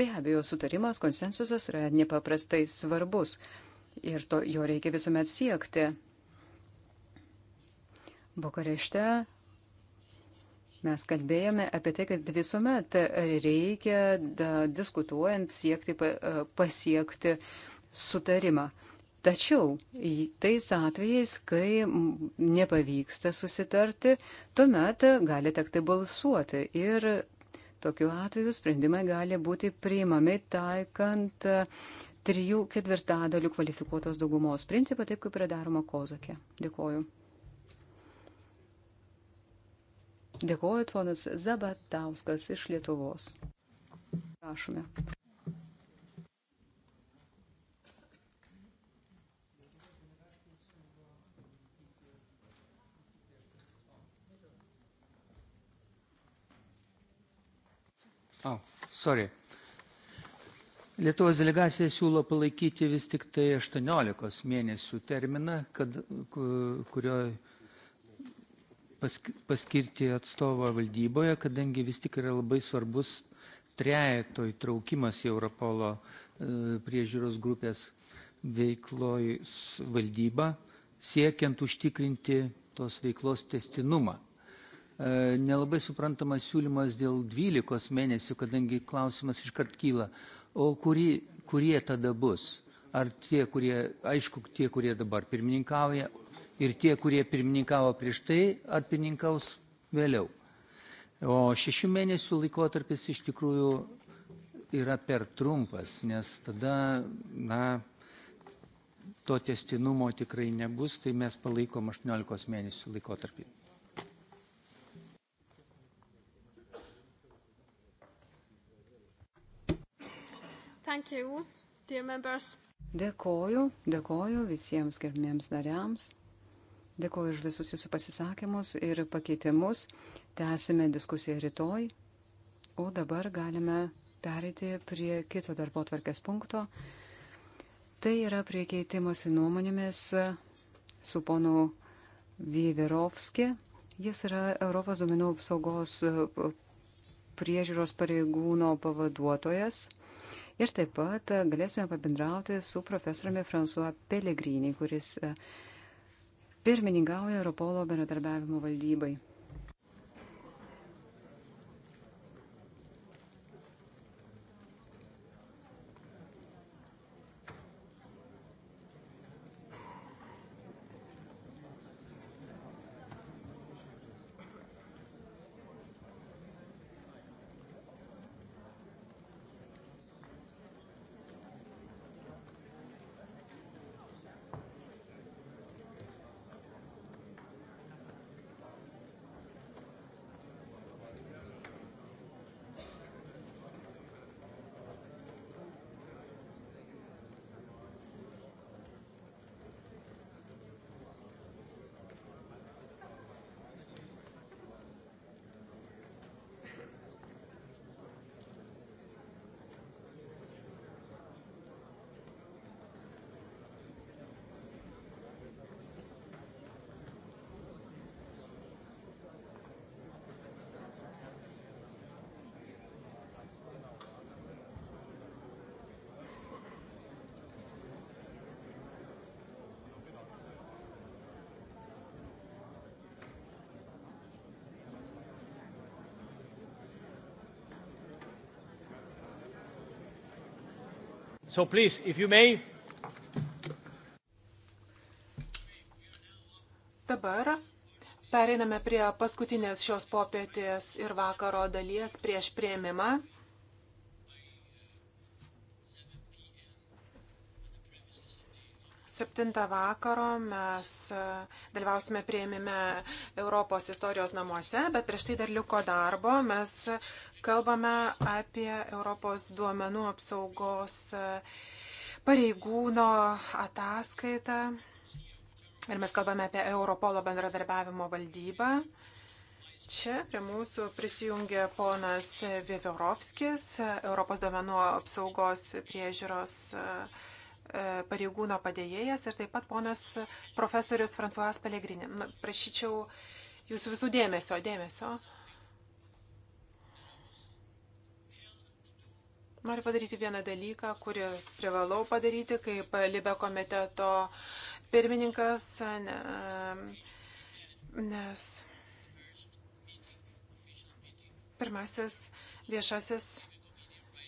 Be abejo, sutarimas, konsensusas yra nepaprastai svarbus ir to, jo reikia visuomet siekti. Bukarešte Mes kalbėjome apie tai, kad visuomet reikia da, diskutuojant siekti, e, pasiekti sutarimą. Tačiau tais atvejais, kai nepavyksta susitarti, tuomet gali tekti balsuoti ir tokiu atveju sprendimai gali būti priimami taikant trijų ketvirtadalių kvalifikuotos daugumos principą, taip kaip yra daroma Kozakė. Dėkuoju. Dėkuoju, ponas Zabatauskas iš Lietuvos. Prašome. Oh, sorry. Lietuvos delegacija siūlo palaikyti vis tik tai 18 mėnesių terminą, kad, kurio pask paskirti atstovą valdyboje, kadangi vis tik yra labai svarbus trejeto įtraukimas į Europolo e, priežiūros grupės veikloj valdybą, siekiant užtikrinti tos veiklos testinumą. E, nelabai suprantamas siūlymas dėl 12 mėnesių, kadangi klausimas iškart kyla, o kuri, kurie tada bus? Ar tie, kurie, aišku, tie, kurie dabar pirmininkauja, ir tie, kurie pirmininkavo prieš tai, atpininkaus vėliau. O šešių mėnesių laikotarpis iš tikrųjų yra per trumpas, nes tada, na, to testinumo tikrai nebus, tai mes palaikom 18 mėnesių laikotarpį. Thank you, dear members. Dėkoju, dėkoju visiems gerbėms nariams. Dėkuoju už visus jūsų pasisakymus ir pakeitimus. Tęsime diskusiją rytoj. O dabar galime pereiti prie kito darbo tvarkės punkto. Tai yra prie keitimosi nuomonėmis su ponu Vyverovski. Jis yra Europos duomenų apsaugos priežiūros pareigūno pavaduotojas. Ir taip pat galėsime pabendrauti su profesoriumi François Pellegrini, kuris uh, pirmininkauja Europolo bendradarbiavimo valdybai. So please, if you may. Dabar pereiname prie paskutinės šios popietės ir vakaro dalies prieš prieimimą. 7 vakaro mes e, dalyvausime prieimime Europos istorijos namuose, bet prieš tai dar liko darbo. Mes kalbame apie Europos duomenų apsaugos e, pareigūno ataskaitą. Ir mes kalbame apie Europolo bendradarbiavimo valdybą. Čia prie mūsų prisijungė ponas Viviorovskis, Europos duomenų apsaugos priežiūros valdybos e, E, pareigūno padėjėjas ir taip pat ponas profesorius Fransuas Pelegrinė. Prašyčiau jūsų visų dėmesio, dėmesio. Noriu padaryti vieną dalyką, kurį privalau padaryti kaip Libe komiteto pirmininkas, ne, nes pirmasis viešasis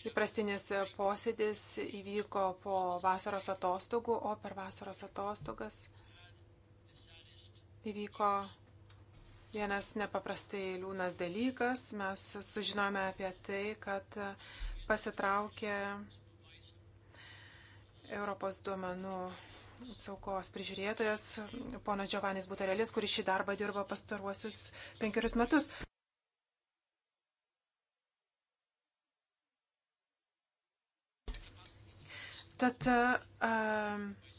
Įprastinis posėdis įvyko po vasaros atostogų, o per vasaros atostogas įvyko vienas nepaprastai liūnas dalykas. Mes sužinome apie tai, kad pasitraukė Europos duomenų apsaugos prižiūrėtojas, ponas Giovanis Butarelis, kuris šį darbą dirbo pastaruosius penkerius metus. Tad uh,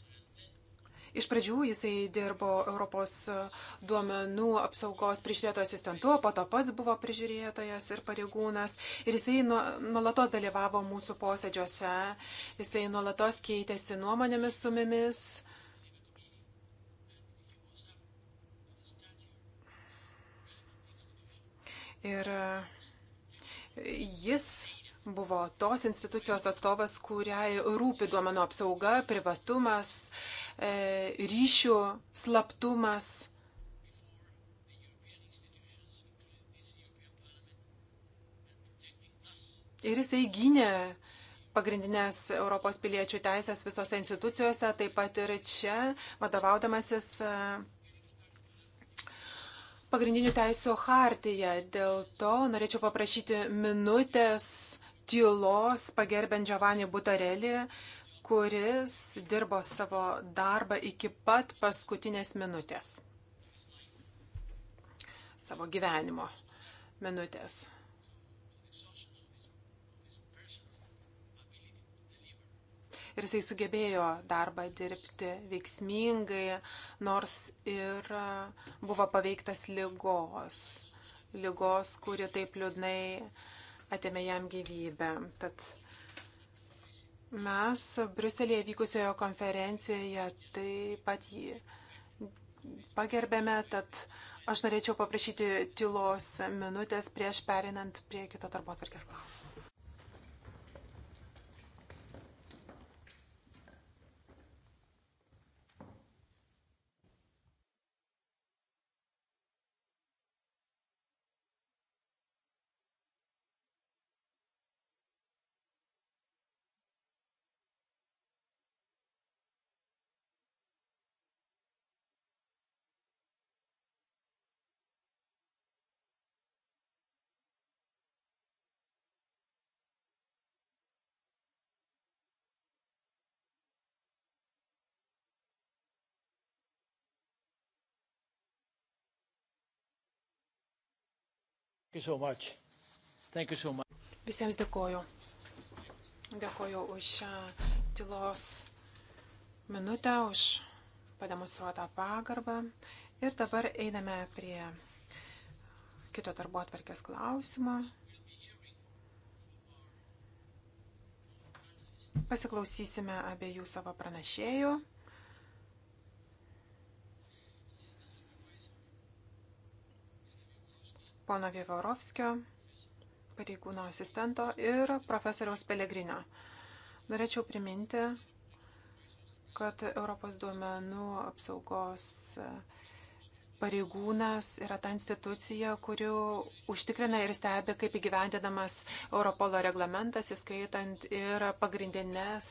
iš pradžių jisai dirbo Europos duomenų apsaugos prižiūrėtojo asistentu, po to pats buvo prižiūrėtojas ir pareigūnas. Ir jisai nuolatos dalyvavo mūsų posėdžiuose, jisai nuolatos keitėsi nuomonėmis su mumis. Ir jis buvo tos institucijos atstovas, kuriai rūpi duomenų apsauga, privatumas, e, ryšių slaptumas. Ir jisai gynė pagrindinės Europos piliečių teisės visose institucijose, taip pat ir čia, vadovaudamasis e, pagrindinių teisų hartyje. Dėl to norėčiau paprašyti minutės tylos pagerbiant Giovanni Butarelį, kuris dirbo savo darbą iki pat paskutinės minutės. Savo gyvenimo minutės. ir jisai sugebėjo darbą dirbti veiksmingai, nors ir buvo paveiktas lygos, lygos, kuri taip liūdnai atėmė jam gyvybę. Tad mes Bruselėje vykusioje konferencijoje taip pat jį pagerbėme, tad aš norėčiau paprašyti tylos minutės prieš perinant prie kito darbo atvarkės klausimo. So so Visiems dėkoju. Dėkoju už šią e, tylos minutę, už pademonstruotą pagarbą. Ir dabar einame prie kito darbo atverkės klausimo. Pasiklausysime abiejų savo pranašėjų. pono Vievorovskio, pareigūno asistento ir profesoriaus Pelegrinio. Norėčiau priminti, kad Europos duomenų apsaugos uh, pareigūnas yra ta institucija, kuri užtikrina ir stebi, kaip įgyvendinamas Europolo reglamentas, įskaitant ir pagrindinės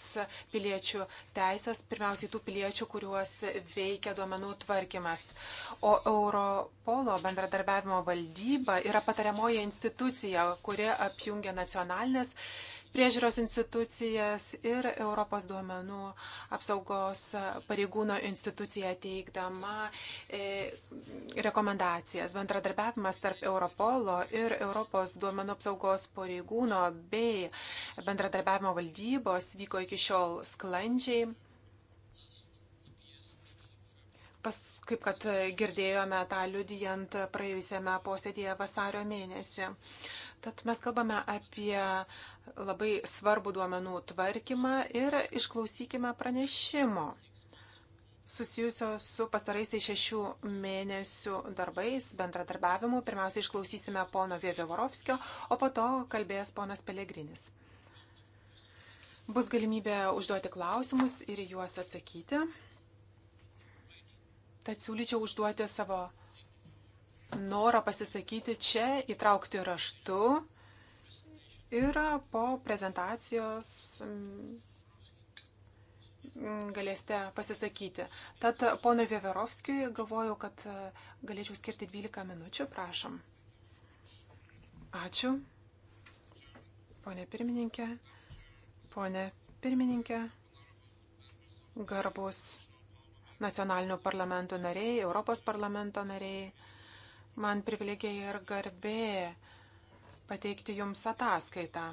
piliečių teisės, pirmiausiai tų piliečių, kuriuos veikia duomenų tvarkymas. O Europolo bendradarbiavimo valdyba yra patariamoji institucija, kuri apjungia nacionalinės priežiūros institucijas ir Europos duomenų apsaugos pareigūno instituciją teikdama e, rekomendacijas. Bendradarbiavimas tarp Europolo ir Europos duomenų apsaugos pareigūno bei bendradarbiavimo valdybos vyko iki šiol sklandžiai. Pas, kaip kad girdėjome tą liudijant praėjusiame posėdėje vasario mėnesį. Tad mes kalbame apie labai svarbų duomenų tvarkymą ir išklausykime pranešimo susijusio su pastaraisiais šešių mėnesių darbais, bendradarbiavimu. Pirmiausia, išklausysime pono Vievorovskio, o po to kalbės ponas Pelegrinis. Bus galimybė užduoti klausimus ir juos atsakyti. Tad siūlyčiau užduoti savo norą pasisakyti čia, įtraukti raštu Ir po prezentacijos mm, galėsite pasisakyti. Tad ponui Vėverovskijui galvoju, kad e, galėčiau skirti 12 minučių, prašom. Ačiū. Pone pirmininkė, pone pirmininkė, garbus nacionalinių parlamentų nariai, Europos parlamento nariai, man privilegija ir garbė pateikti Jums ataskaitą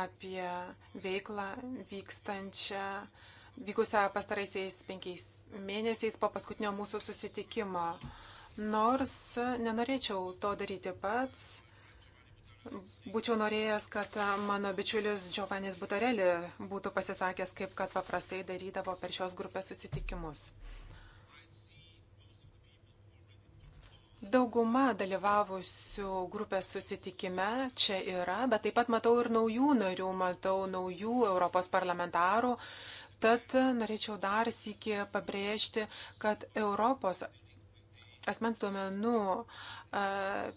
apie veiklą vykstančią, vykusią pastaraisiais penkiais mėnesiais po paskutinio mūsų susitikimo. Nors nenorėčiau to daryti pats, būčiau norėjęs, kad mano bičiulis Giovannis Butarelli būtų pasisakęs, kaip kad paprastai darydavo per šios grupės susitikimus. Dauguma dalyvavusių grupės susitikime čia yra, bet taip pat matau ir naujų narių, matau naujų Europos parlamentarų. Tad norėčiau dar sįki pabrėžti, kad Europos asmens duomenų e,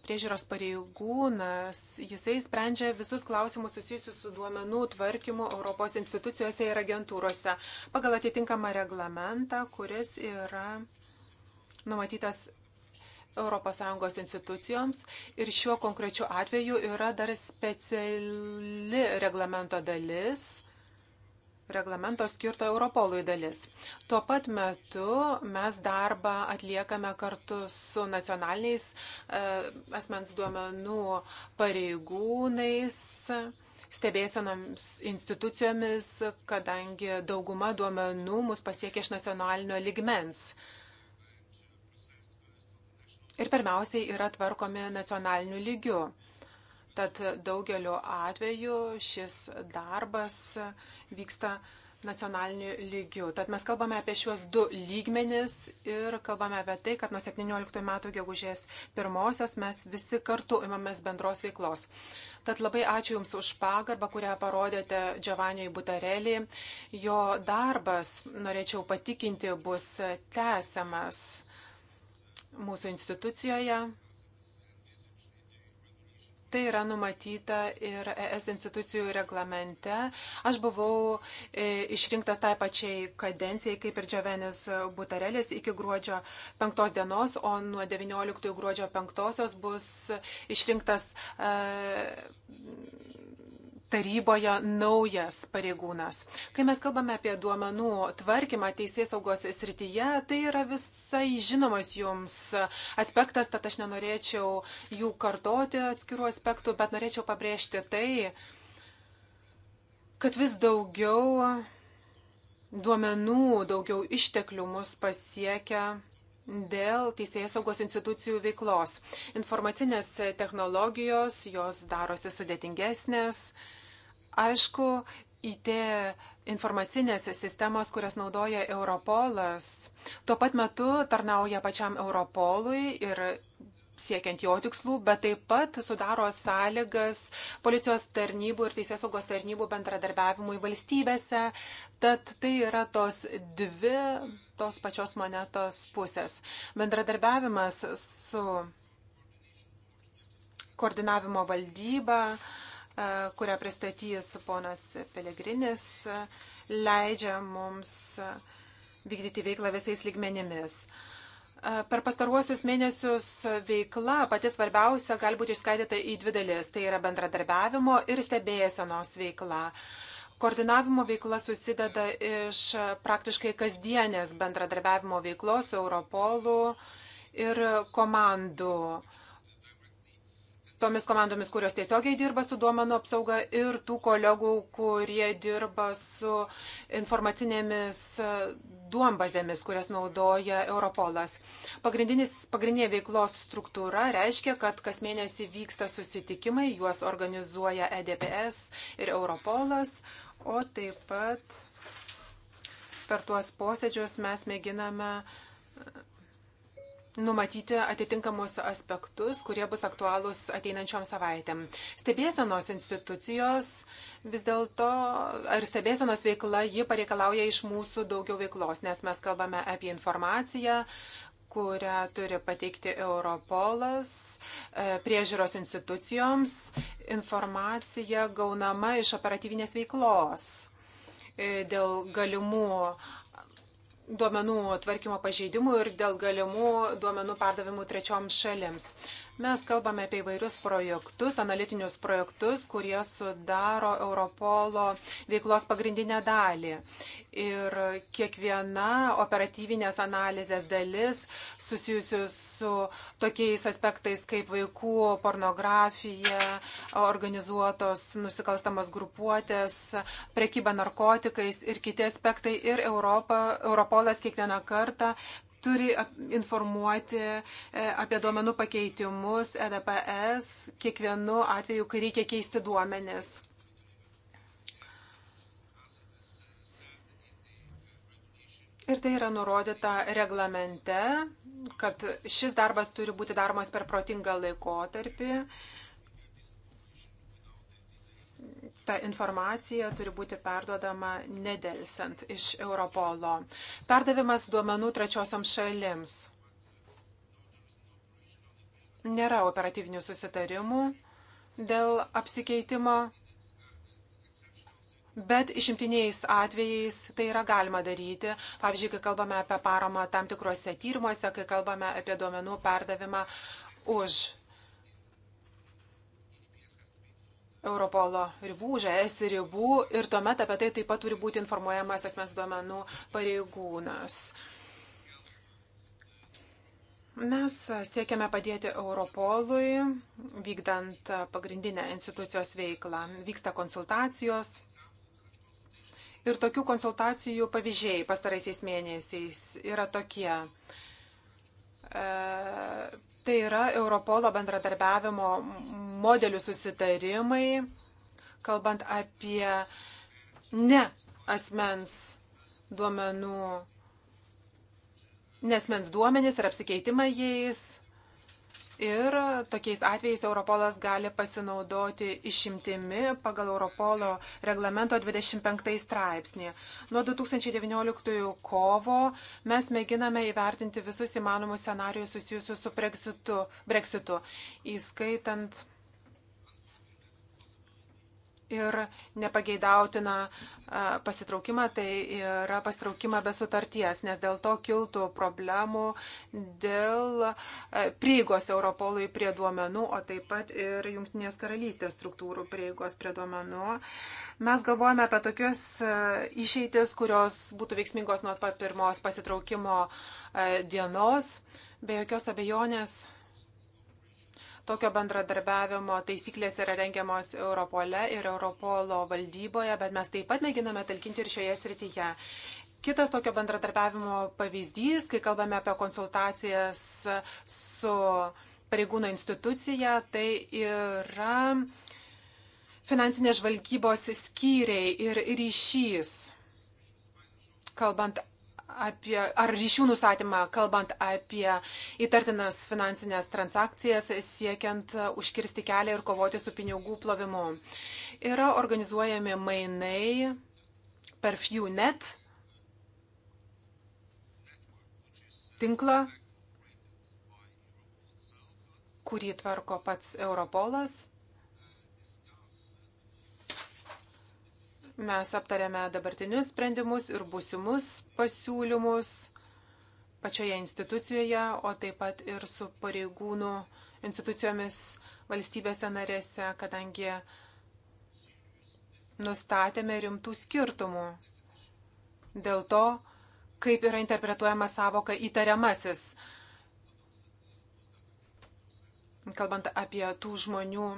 priežiūros pareigūnas, jisai sprendžia visus klausimus susijusius su duomenų tvarkymu Europos institucijose ir agentūrose pagal atitinkamą reglamentą, kuris yra numatytas ES institucijoms ir šiuo konkrečiu atveju yra dar speciali reglamento dalis, reglamento skirto Europolui dalis. Tuo pat metu mes darbą atliekame kartu su nacionaliniais e, asmens duomenų pareigūnais stebėsenoms institucijomis, kadangi dauguma duomenų mus pasiekia iš nacionalinio ligmens. E, ir pirmiausiai yra tvarkomi nacionaliniu lygiu. Tad daugeliu atveju šis darbas vyksta nacionaliniu lygiu. Tad mes kalbame apie šiuos du lygmenis ir kalbame apie tai, kad nuo 17 metų gegužės pirmosios mes visi kartu imamės bendros veiklos. Tad labai ačiū Jums už pagarbą, kurią parodėte Giovanniui Butarelį. Jo darbas, norėčiau patikinti, bus tęsiamas mūsų institucijoje. Tai yra numatyta ir ES institucijų reglamente. Aš buvau e, išrinktas tai pačiai kadencijai, kaip ir Džiavenis Butarelis, iki gruodžio 5 dienos, o nuo 19 gruodžio 5 bus išrinktas. Uh, taryboje naujas pareigūnas. Kai mes kalbame apie duomenų tvarkymą teisės saugos srityje, tai yra visai žinomas jums aspektas, tad aš nenorėčiau jų kartoti atskirų aspektų, bet norėčiau pabrėžti tai, kad vis daugiau duomenų, daugiau išteklių mus pasiekia dėl teisėjai saugos institucijų veiklos. Informacinės technologijos, jos darosi sudėtingesnės, Aišku, IT informacinės sistemos, kurias naudoja Europolas, tuo pat metu tarnauja pačiam Europolui ir siekiant jo tikslų, bet taip pat sudaro sąlygas policijos tarnybų ir teisės saugos tarnybų bendradarbiavimui valstybėse. Tad tai yra tos dvi tos pačios monetos pusės. Bendradarbiavimas su koordinavimo valdyba, uh, E, kurią pristatys ponas Pelegrinis, leidžia mums vykdyti veiklą visais lygmenimis. E, per pastaruosius mėnesius veikla pati svarbiausia gali būti išskaidyta į dvi dalis. Tai yra bendradarbiavimo ir stebėsenos veikla. Koordinavimo veikla susideda iš praktiškai kasdienės bendradarbiavimo veiklos su Europolu ir komandų tomis komandomis, kurios tiesiogiai dirba su duomenų apsauga ir tų kolegų, kurie dirba su informacinėmis e, duombazėmis, kurias naudoja Europolas. Pagrindinė veiklos struktūra reiškia, kad kas mėnesį vyksta susitikimai, juos organizuoja EDPS ir Europolas, o taip pat per tuos posėdžius mes mėginame numatyti atitinkamus aspektus, kurie bus aktualūs ateinančiom savaitėm. Stebėsenos institucijos vis dėlto, ar stebėsenos veikla, ji pareikalauja iš mūsų daugiau veiklos, nes mes kalbame apie informaciją, kurią turi pateikti Europolas e, priežiūros institucijoms. Informacija gaunama iš operatyvinės veiklos e, dėl galimų duomenų tvarkymo pažeidimų ir dėl galimų duomenų perdavimų trečioms šalims. Mes kalbame apie įvairius projektus, analitinius projektus, kurie sudaro Europolo veiklos pagrindinę dalį. Ir kiekviena operatyvinės analizės dalis susijusi su tokiais aspektais kaip vaikų pornografija, organizuotos nusikalstamos grupuotės, prekyba narkotikais ir kiti aspektai. Ir Europa, Europolas kiekvieną kartą turi informuoti e, apie duomenų pakeitimus EDPS kiekvienu atveju, kai reikia keisti duomenis. Ir tai yra nurodyta reglamente, kad šis darbas turi būti daromas per protingą laikotarpį. ta informacija turi būti perduodama nedelsiant iš Europolo. Perdavimas duomenų trečiosiam šalims. Nėra operatyvinių susitarimų dėl apsikeitimo, bet išimtiniais atvejais tai yra galima daryti. Pavyzdžiui, kai kalbame apie paramą tam tikrose tyrimuose, kai kalbame apie duomenų perdavimą už Europolo ribų, ŽS ribų ir tuomet apie tai taip pat turi būti informuojamas asmens duomenų pareigūnas. Mes siekiame padėti Europolui, vykdant pagrindinę institucijos veiklą. Vyksta konsultacijos. Ir tokių konsultacijų pavyzdžiai pastaraisiais mėnesiais yra tokie. E, Tai yra Europolo bendradarbiavimo modelių susitarimai, kalbant apie ne asmens duomenų, nesmens duomenis ir apsikeitimą jais ir tokiais atvejais Europolas gali pasinaudoti išimtimi pagal Europolo reglamento 25 straipsnį. Nuo 2019 kovo mes mėginame įvertinti visus įmanomus scenarius susijusius su Brexitu, Brexitu įskaitant ir nepageidautiną e, pasitraukimą, tai yra pasitraukimą be sutarties, nes dėl to kiltų problemų dėl e, prieigos Europolui prie duomenų, o taip pat ir Junktinės karalystės struktūrų prieigos prie duomenų. Mes galvojame apie tokius e, išeitis, kurios būtų veiksmingos nuo pat pirmos pasitraukimo dienos, be jokios abejonės Tokio bendradarbiavimo taisyklės yra rengiamos Europole ir Europolo valdyboje, bet mes taip pat mėginame talkinti ir šioje srityje. Kitas tokio bendradarbiavimo pavyzdys, kai kalbame apie konsultacijas su pareigūno institucija, tai yra finansinės žvalgybos skyriai ir ryšys kalbant apie, ar ryšių nustatymą, kalbant apie įtartinas finansinės transakcijas, siekiant užkirsti kelią ir kovoti su pinigų plovimu. Yra organizuojami mainai per FUNET tinklą, kurį tvarko pats Europolas Mes aptarėme dabartinius sprendimus ir būsimus pasiūlymus pačioje institucijoje, o taip pat ir su pareigūnų institucijomis valstybėse narėse, kadangi nustatėme rimtų skirtumų dėl to, kaip yra interpretuojama savoka įtariamasis. Kalbant apie tų žmonių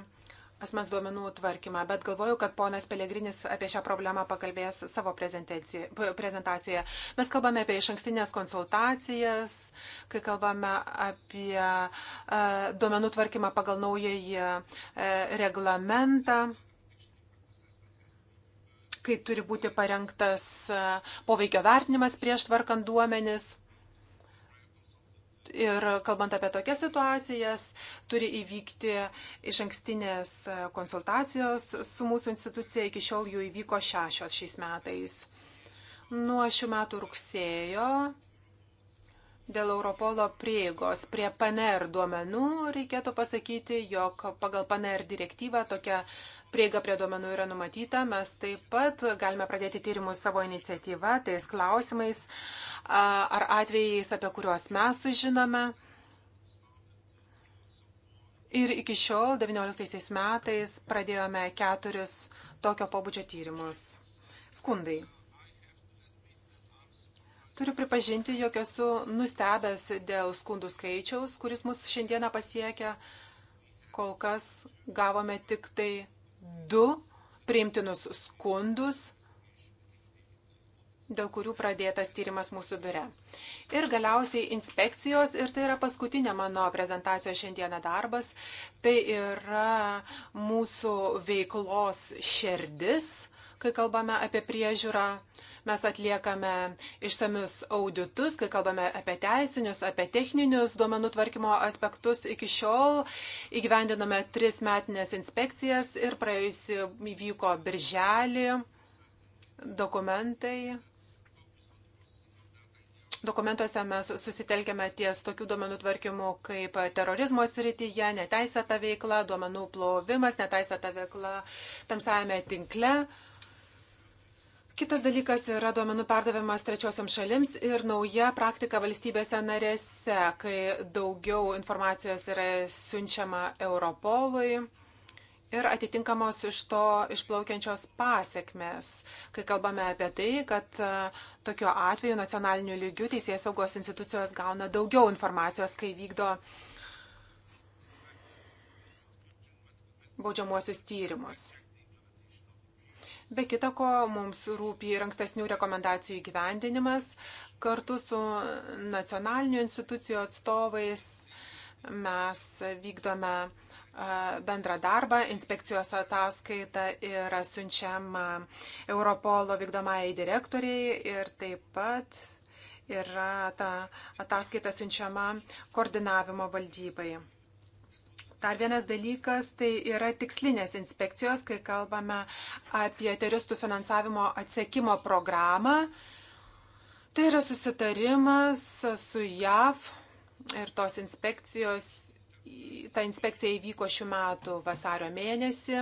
asmens duomenų tvarkymą, bet galvoju, kad ponas Pelegrinis apie šią problemą pakalbės savo prezentacijoje. Mes kalbame apie iš ankstinės konsultacijas, kai kalbame apie uh, duomenų tvarkymą pagal naująjį uh, reglamentą kai turi būti parengtas e, poveikio vertinimas prieš tvarkant duomenis. Ir kalbant apie tokias situacijas, turi įvykti iš ankstinės konsultacijos su mūsų institucija, iki šiol jų įvyko šešios šiais metais. Nuo šių metų rugsėjo Dėl Europolo prieigos prie PNR duomenų reikėtų pasakyti, jog pagal PNR direktyvą tokia prieiga prie duomenų yra numatyta. Mes taip pat galime pradėti tyrimus savo iniciatyvą, tais klausimais ar atvejais, apie kuriuos mes sužinome. Ir iki šiol, 19 metais, pradėjome keturis tokio pobūdžio tyrimus. Skundai. Turiu pripažinti, jog esu nustebęs dėl skundų skaičiaus, kuris mus šiandieną pasiekia. Kol kas gavome tik tai du priimtinus skundus, dėl kurių pradėtas tyrimas mūsų biure. Ir galiausiai inspekcijos, ir tai yra paskutinė mano prezentacijos šiandieną darbas, tai yra mūsų veiklos šerdis kai kalbame apie priežiūrą. Mes atliekame išsamius auditus, kai kalbame apie teisinius, apie techninius duomenų tvarkymo aspektus. Iki šiol įgyvendinome tris metinės inspekcijas ir praėjusi įvyko birželį dokumentai Dokumentuose mes susitelkėme ties tokių duomenų tvarkymų kaip terorizmo srityje, neteisėta veikla, duomenų plovimas, neteisėta veikla tamsajame tinkle. Kitas dalykas yra duomenų perdavimas trečiosiam šalims ir nauja praktika valstybėse narėse, kai daugiau informacijos yra siunčiama Europolui ir atitinkamos iš to išplaukiančios pasiekmes, kai kalbame apie tai, kad e, tokiu atveju nacionaliniu lygiu teisės saugos institucijos gauna daugiau informacijos, kai vykdo baudžiamuosius tyrimus. Be kita ko, mums rūpi ir ankstesnių rekomendacijų įgyvendinimas. Kartu su nacionalinių institucijų atstovais mes vykdome bendrą darbą, inspekcijos ataskaita yra siunčiama Europolo vykdomai direktoriai ir taip pat yra ta ataskaita siunčiama koordinavimo valdybai. Dar vienas dalykas tai yra tikslinės inspekcijos, kai kalbame apie teroristų finansavimo atsiekimo programą. Tai yra susitarimas su JAV ir tos inspekcijos ta inspekcija įvyko šių metų vasario mėnesį.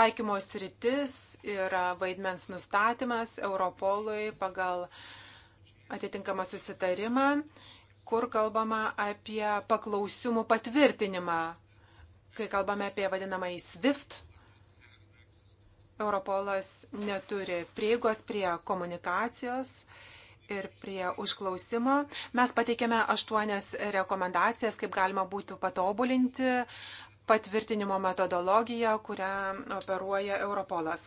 Taikymo sritis yra vaidmens nustatymas Europolui pagal atitinkamą susitarimą, kur kalbama apie paklausimų patvirtinimą kai kalbame apie vadinamąjį SWIFT, Europolas neturi prieigos prie komunikacijos ir prie užklausimo. Mes pateikėme aštuonias rekomendacijas, kaip galima būtų patobulinti patvirtinimo metodologiją, kurią operuoja Europolas.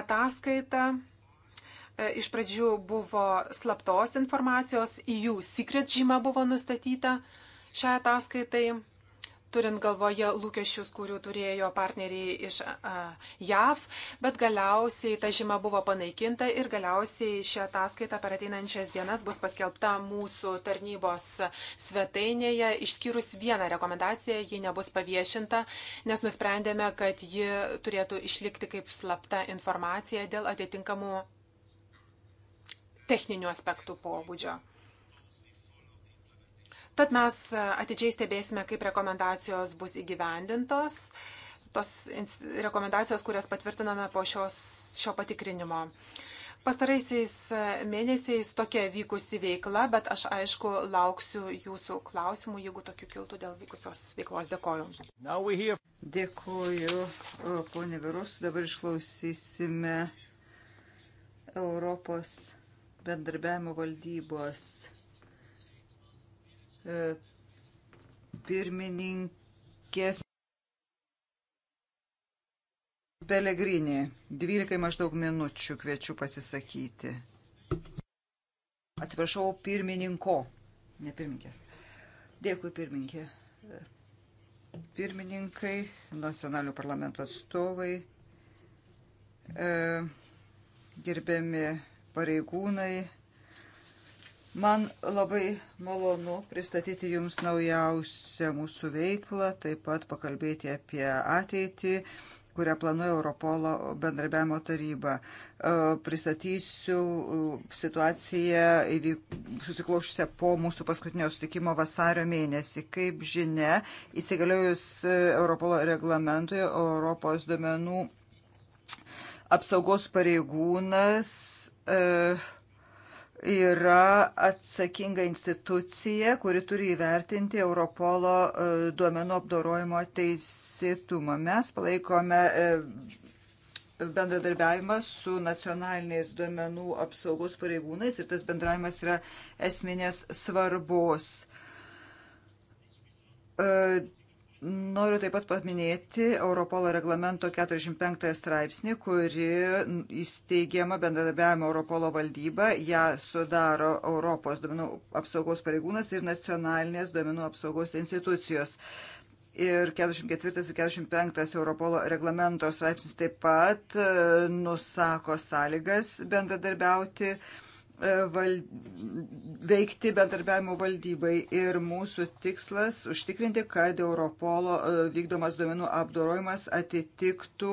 Ataskaita e, iš pradžių buvo slaptos informacijos, į jų secret žyma buvo nustatyta šią ataskaitai turint galvoje lūkesčius, kurių turėjo partneriai iš JAV, bet galiausiai ta žyma buvo panaikinta ir galiausiai šią ataskaitą per ateinančias dienas bus paskelbta mūsų tarnybos svetainėje, išskyrus vieną rekomendaciją, ji nebus paviešinta, nes nusprendėme, kad ji turėtų išlikti kaip slapta informacija dėl atitinkamų techninių aspektų pobūdžio. Tad mes e, atidžiai stebėsime, kaip rekomendacijos bus įgyvendintos, tos rekomendacijos, kurias patvirtiname po šios, šio patikrinimo. Pastaraisiais e, mėnesiais tokia vykusi veikla, bet aš aišku lauksiu jūsų klausimų, jeigu tokių kiltų dėl vykusios veiklos. Dėkoju. Dėkoju, ponė Virus. Dabar išklausysime Europos bendarbiavimo valdybos E, pirmininkės Pelegrinį. 12 maždaug minučių kviečiu pasisakyti. Atsiprašau, pirmininko, ne pirmininkės. Dėkui, pirmininkė. Pirmininkai, nacionalių parlamento atstovai, e, gerbiami pareigūnai, Man labai malonu pristatyti Jums naujausią mūsų veiklą, taip pat pakalbėti apie ateitį, kurią planuoja Europolo bendrabiavimo taryba. E, pristatysiu e, situaciją susiklošusią po mūsų paskutinio sutikimo vasario mėnesį. Kaip žinia, įsigaliojus e, Europolo reglamentui Europos duomenų apsaugos pareigūnas. E, yra atsakinga institucija, kuri turi įvertinti Europolo e, duomenų apdorojimo teisėtumą. Mes palaikome e, bendradarbiavimą su nacionaliniais duomenų apsaugos pareigūnais ir tas bendravimas yra esminės svarbos e, Noriu taip pat paminėti Europolo reglamento 45 straipsnį, kuri įsteigiama bendradarbiavimo Europolo valdyba. Ja sudaro Europos duomenų apsaugos pareigūnas ir nacionalinės duomenų apsaugos institucijos. Ir 44 ir 45 Europolo reglamento straipsnis taip pat e, nusako sąlygas bendradarbiauti uh, E, val, veikti bendarbiavimo valdybai ir mūsų tikslas užtikrinti, kad Europolo e, vykdomas duomenų apdorojimas atitiktų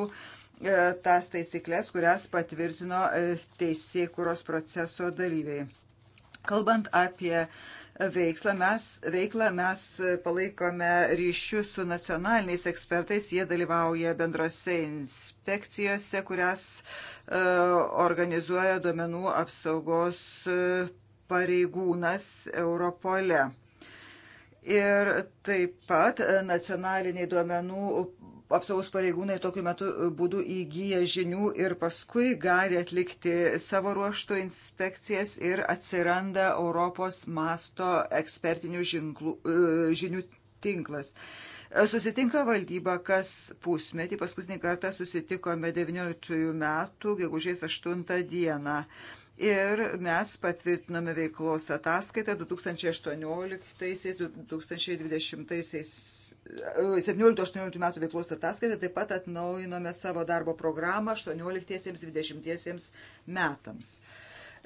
e, tas taisyklės, kurias patvirtino teisėkuros proceso dalyviai. Kalbant apie uh, veiklą. Mes, veiklą mes palaikome ryšius su nacionaliniais ekspertais, jie dalyvauja bendrose inspekcijose, kurias e, organizuoja duomenų apsaugos e, pareigūnas Europole. Ir taip pat e, nacionaliniai duomenų apsaugos pareigūnai tokiu metu e, būdu įgyja žinių ir paskui gali atlikti savo ruoštų inspekcijas ir atsiranda Europos masto ekspertinių žinklų, e, žinių tinklas. E, susitinka valdyba kas pusmetį, paskutinį kartą susitikome 19 metų, gegužės 8 dieną ir mes patvirtinome veiklos ataskaitą 2018-2017 metų veiklos ataskaitą, taip pat atnaujinome savo darbo programą 18-20 metams.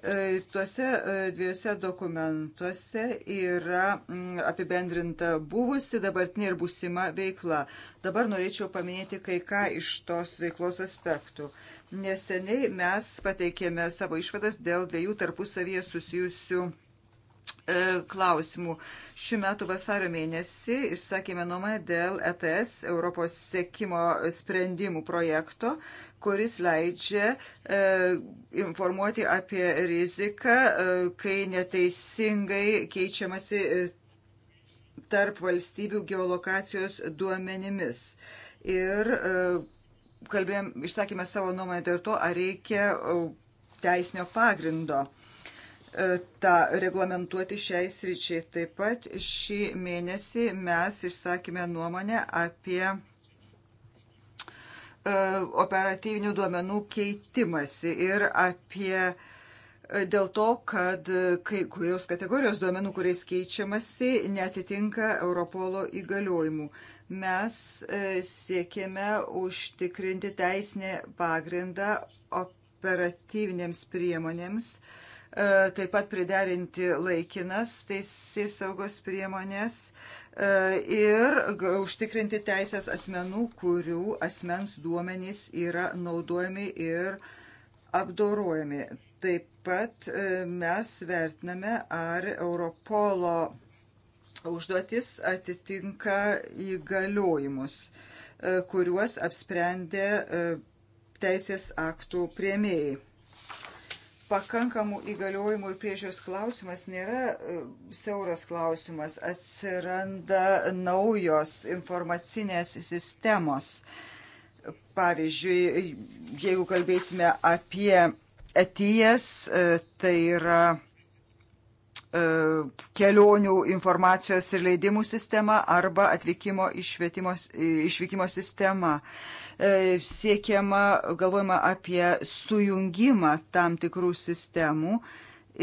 E, tuose e, dviejose dokumentuose yra mm, apibendrinta buvusi, dabartinė ir būsima veikla. Dabar norėčiau paminėti kai ką iš tos veiklos aspektų. Neseniai mes pateikėme savo išvadas dėl dviejų tarpusavyje susijusių E, klausimų. Šiuo metu vasario mėnesį išsakėme nuomonę dėl ETS Europos sekimo sprendimų projekto, kuris leidžia e, informuoti apie riziką, e, kai neteisingai keičiamasi e, tarp valstybių geolokacijos duomenimis. Ir e, kalbėjom, išsakėme savo nuomonę dėl to, ar reikia e, teisinio pagrindo. E, tą reglamentuoti šiai sričiai. Taip pat šį mėnesį mes išsakėme nuomonę apie e, operatyvinių duomenų keitimasi ir apie e, dėl to, kad kai kurios kategorijos duomenų, kuriais keičiamasi, netitinka Europolo įgaliojimų. Mes e, siekėme užtikrinti teisinę pagrindą operatyvinėms priemonėms, uh, E, taip pat priderinti laikinas teisės saugos priemonės e, ir užtikrinti teisės asmenų, kurių asmens duomenys yra naudojami ir apdorojami. Taip pat e, mes vertiname, ar Europolo užduotis atitinka įgaliojimus, kuriuos apsprendė teisės aktų prieimėjai pakankamų įgaliojimų ir priežios klausimas nėra e, siauras klausimas, atsiranda naujos informacinės sistemos. Pavyzdžiui, jeigu kalbėsime apie etijas, e, tai yra e, kelionių informacijos ir leidimų sistema arba atvykimo išvykimo sistema. Iš E, siekiama, galvojama apie sujungimą tam tikrų sistemų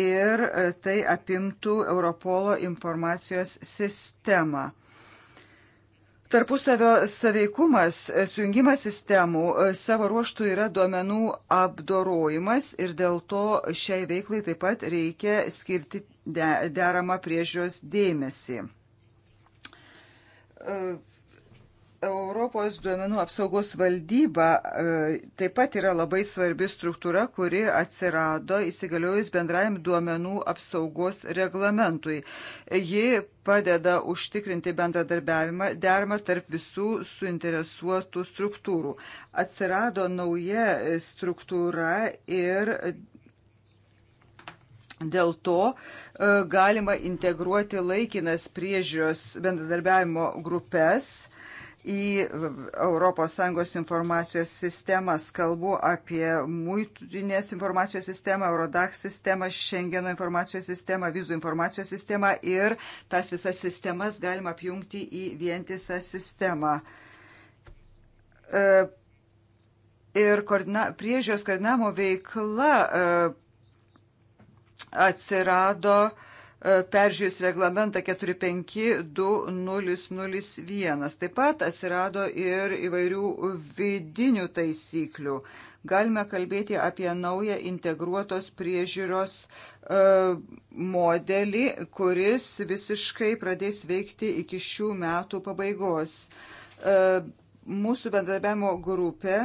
ir e, tai apimtų Europolo informacijos sistemą. Tarpusavio saveikumas, e, sujungimas sistemų savo ruoštų yra duomenų apdorojimas ir dėl to šiai veiklai taip pat reikia skirti deramą priežios dėmesį. Europos duomenų apsaugos valdyba e, taip pat yra labai svarbi struktūra, kuri atsirado įsigaliojus bendrajam duomenų apsaugos reglamentui. Ji padeda užtikrinti bendradarbiavimą dermą tarp visų suinteresuotų struktūrų. Atsirado nauja struktūra ir Dėl to e, galima integruoti laikinas priežiūros bendradarbiavimo grupės į ES informacijos sistemas. Kalbu apie muitinės informacijos sistemą, Eurodax sistemą, Schengeno informacijos sistemą, vizų informacijos sistemą ir tas visas sistemas galima apjungti į vientisą sistemą. E, ir koordina, priežios koordinavimo veikla e, atsirado uh, E, peržiūrėjus reglamentą 452001. Taip pat atsirado ir įvairių vidinių taisyklių. Galime kalbėti apie naują integruotos priežiūros e, modelį, kuris visiškai pradės veikti iki šių metų pabaigos. E, mūsų bendarbiavimo grupė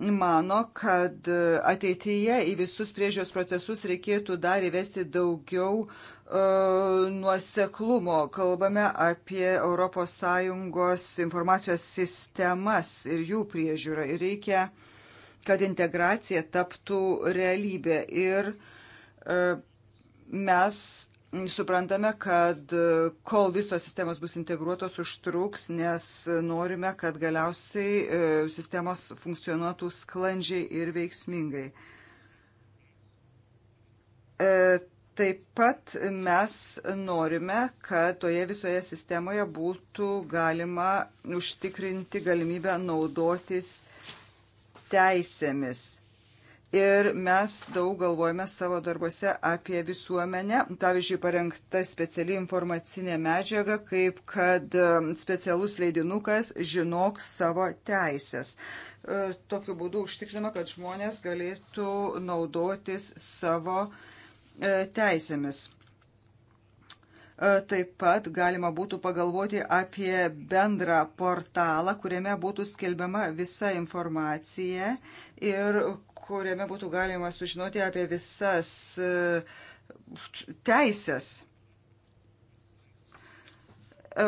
mano, kad ateityje į visus priežios procesus reikėtų dar įvesti daugiau e, nuoseklumo. Kalbame apie ES informacijos sistemas ir jų priežiūrą. Ir reikia, kad integracija taptų realybė. Ir e, mes suprantame, kad e, kol visos sistemos bus integruotos, užtruks, nes norime, kad galiausiai e, sistemos funkcionuotų sklandžiai ir veiksmingai. E, taip pat mes norime, kad toje visoje sistemoje būtų galima užtikrinti galimybę naudotis teisėmis ir mes daug galvojame savo darbuose apie visuomenę. Pavyzdžiui, parengta speciali informacinė medžiaga, kaip kad um, specialus leidinukas žinok savo teisės. E, tokiu būdu užtikrinama, kad žmonės galėtų naudotis savo e, teisėmis. E, taip pat galima būtų pagalvoti apie bendrą portalą, kuriame būtų skelbiama visa informacija ir kuriame būtų galima sužinoti apie visas e, teisės. E,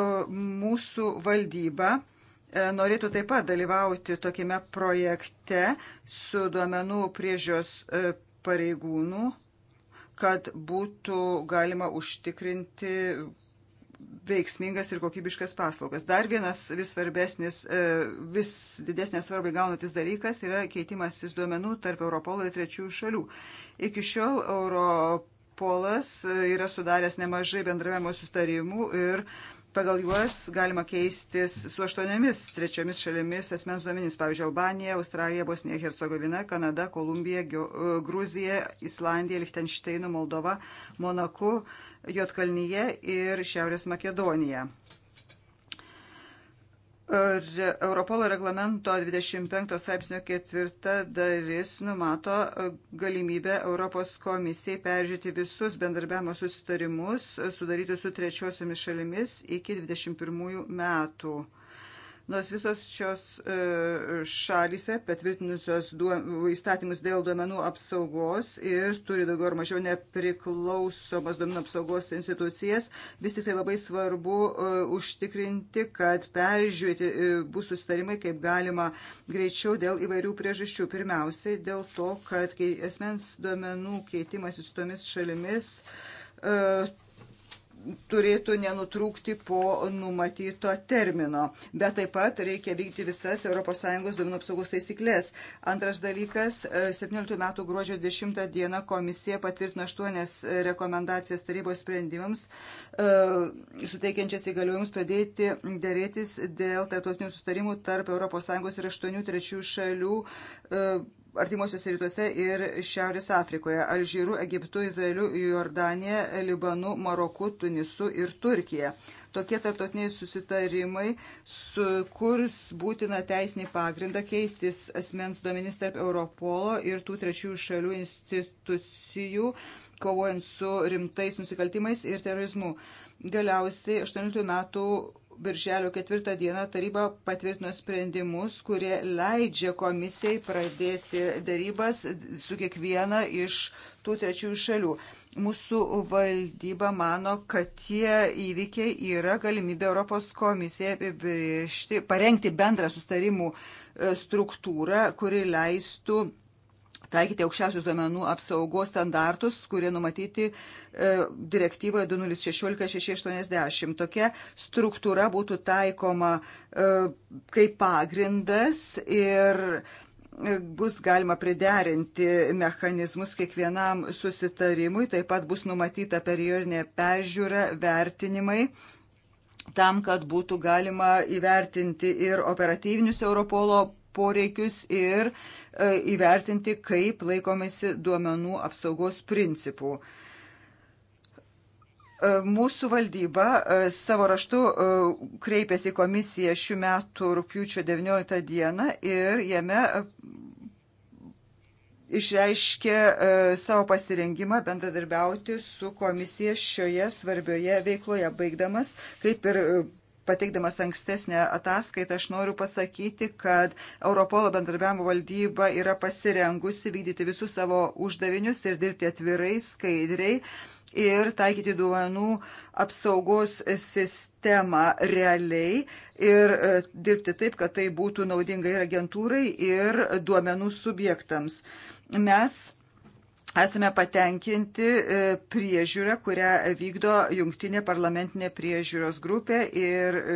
mūsų valdyba e, norėtų taip pat dalyvauti tokime projekte su duomenų priežios pareigūnų, kad būtų galima užtikrinti veiksmingas ir kokybiškas paslaugas. Dar vienas vis svarbesnis, e, vis didesnė svarbai gaunantis dalykas yra keitimasis duomenų tarp Europolo ir trečiųjų šalių. Iki šiol Europolas e, yra sudaręs nemažai bendravimo sustarimų ir uh, Pagal juos galima keistis su aštuoniomis trečiomis šalimis asmens duomenys, pavyzdžiui, Albanija, Australija, Bosnija, Hercegovina, Kanada, Kolumbija, e, Gruzija, Islandija, Lichtenšteino, Moldova, Monaku, Jotkalnyje ir Šiaurės Makedonija. Europolo reglamento 25 straipsnio ketvirta dalis numato e, galimybę Europos komisijai peržiūrėti visus bendarbiavimo susitarimus e, sudarytus su trečiosiomis šalimis iki 21 metų. Nors visos šios e, šalyse patvirtinusios įstatymus dėl duomenų apsaugos ir turi daugiau ar mažiau nepriklausomas duomenų apsaugos institucijas, vis tik tai labai svarbu e, užtikrinti, kad peržiūrėti e, bus sustarimai kaip galima greičiau dėl įvairių priežasčių. Pirmiausiai dėl to, kad asmens duomenų keitimas su tomis šalimis turėtų nenutrūkti po numatyto termino. Bet taip pat reikia vykti visas ES duomenų apsaugos taisyklės. Antras dalykas, 17 e, metų gruodžio 10 dieną komisija patvirtino 8 rekomendacijas tarybos sprendimams, e, suteikiančias įgaliojimus pradėti dėrėtis dėl tarptautinių sustarimų tarp ES ir 8 trečių šalių e, artimuosiuose rytuose ir Šiaurės Afrikoje - Alžyru, Egiptu, Izraeliu, Jordanija, Libanu, Maroku, Tunisu ir Turkija. Tokie tartotiniai susitarimai sukurs būtiną teisinį pagrindą keistis asmens duomenys tarp Europolo ir tų trečiųjų šalių institucijų, kovojant su rimtais nusikaltimais ir terorizmu. Galiausiai 18 metų Birželio ketvirtą dieną taryba patvirtino sprendimus, kurie leidžia komisijai pradėti darybas su kiekviena iš tų trečiųjų šalių. Mūsų valdyba mano, kad tie įvykiai yra galimybė Europos komisijai apibriežti, parengti bendrą sustarimų e, struktūrą, kuri leistų taikyti aukščiausius duomenų apsaugos standartus, kurie numatyti e, direktyvoje 2016-680. Tokia struktūra būtų taikoma e, kaip pagrindas ir e, bus galima priderinti mechanizmus kiekvienam susitarimui, taip pat bus numatyta periodinė peržiūra, vertinimai tam, kad būtų galima įvertinti ir operatyvinius Europolo poreikius ir e, įvertinti, kaip laikomasi duomenų apsaugos principų. E, mūsų valdyba e, savo raštu kreipėsi į komisiją šių metų rūpjūčio 19 dieną ir jame išreiškė savo pasirengimą bendradarbiauti su komisija šioje svarbioje veikloje, baigdamas, kaip ir pateikdamas ankstesnę ataskaitą, aš noriu pasakyti, kad Europolo bendradarbiavimo valdyba yra pasirengusi vykdyti visus savo uždavinius ir dirbti atvirai, skaidriai ir taikyti duomenų apsaugos sistemą realiai ir e, dirbti taip, kad tai būtų naudinga ir agentūrai, ir duomenų subjektams. Mes esame patenkinti e, priežiūrą, kurią vykdo jungtinė parlamentinė priežiūros grupė ir e,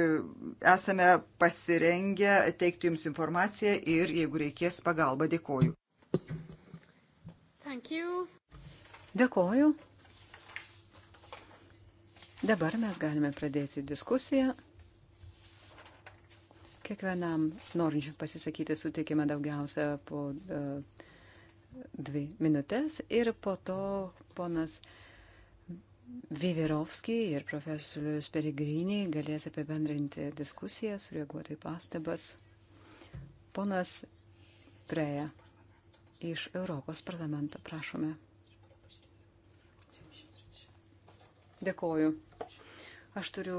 esame pasirengę teikti Jums informaciją ir, jeigu reikės, pagalbą. Dėkoju. Dėkoju. Dabar mes galime pradėti diskusiją. Kiekvienam norinčiam pasisakyti suteikime daugiausia po uh, dvi minutės ir po to ponas Viverovskiai ir profesorius Peregriniai galės apibendrinti diskusiją, sureaguoti į pastabas. Ponas Preja iš Europos parlamento, prašome. Dėkoju. Aš turiu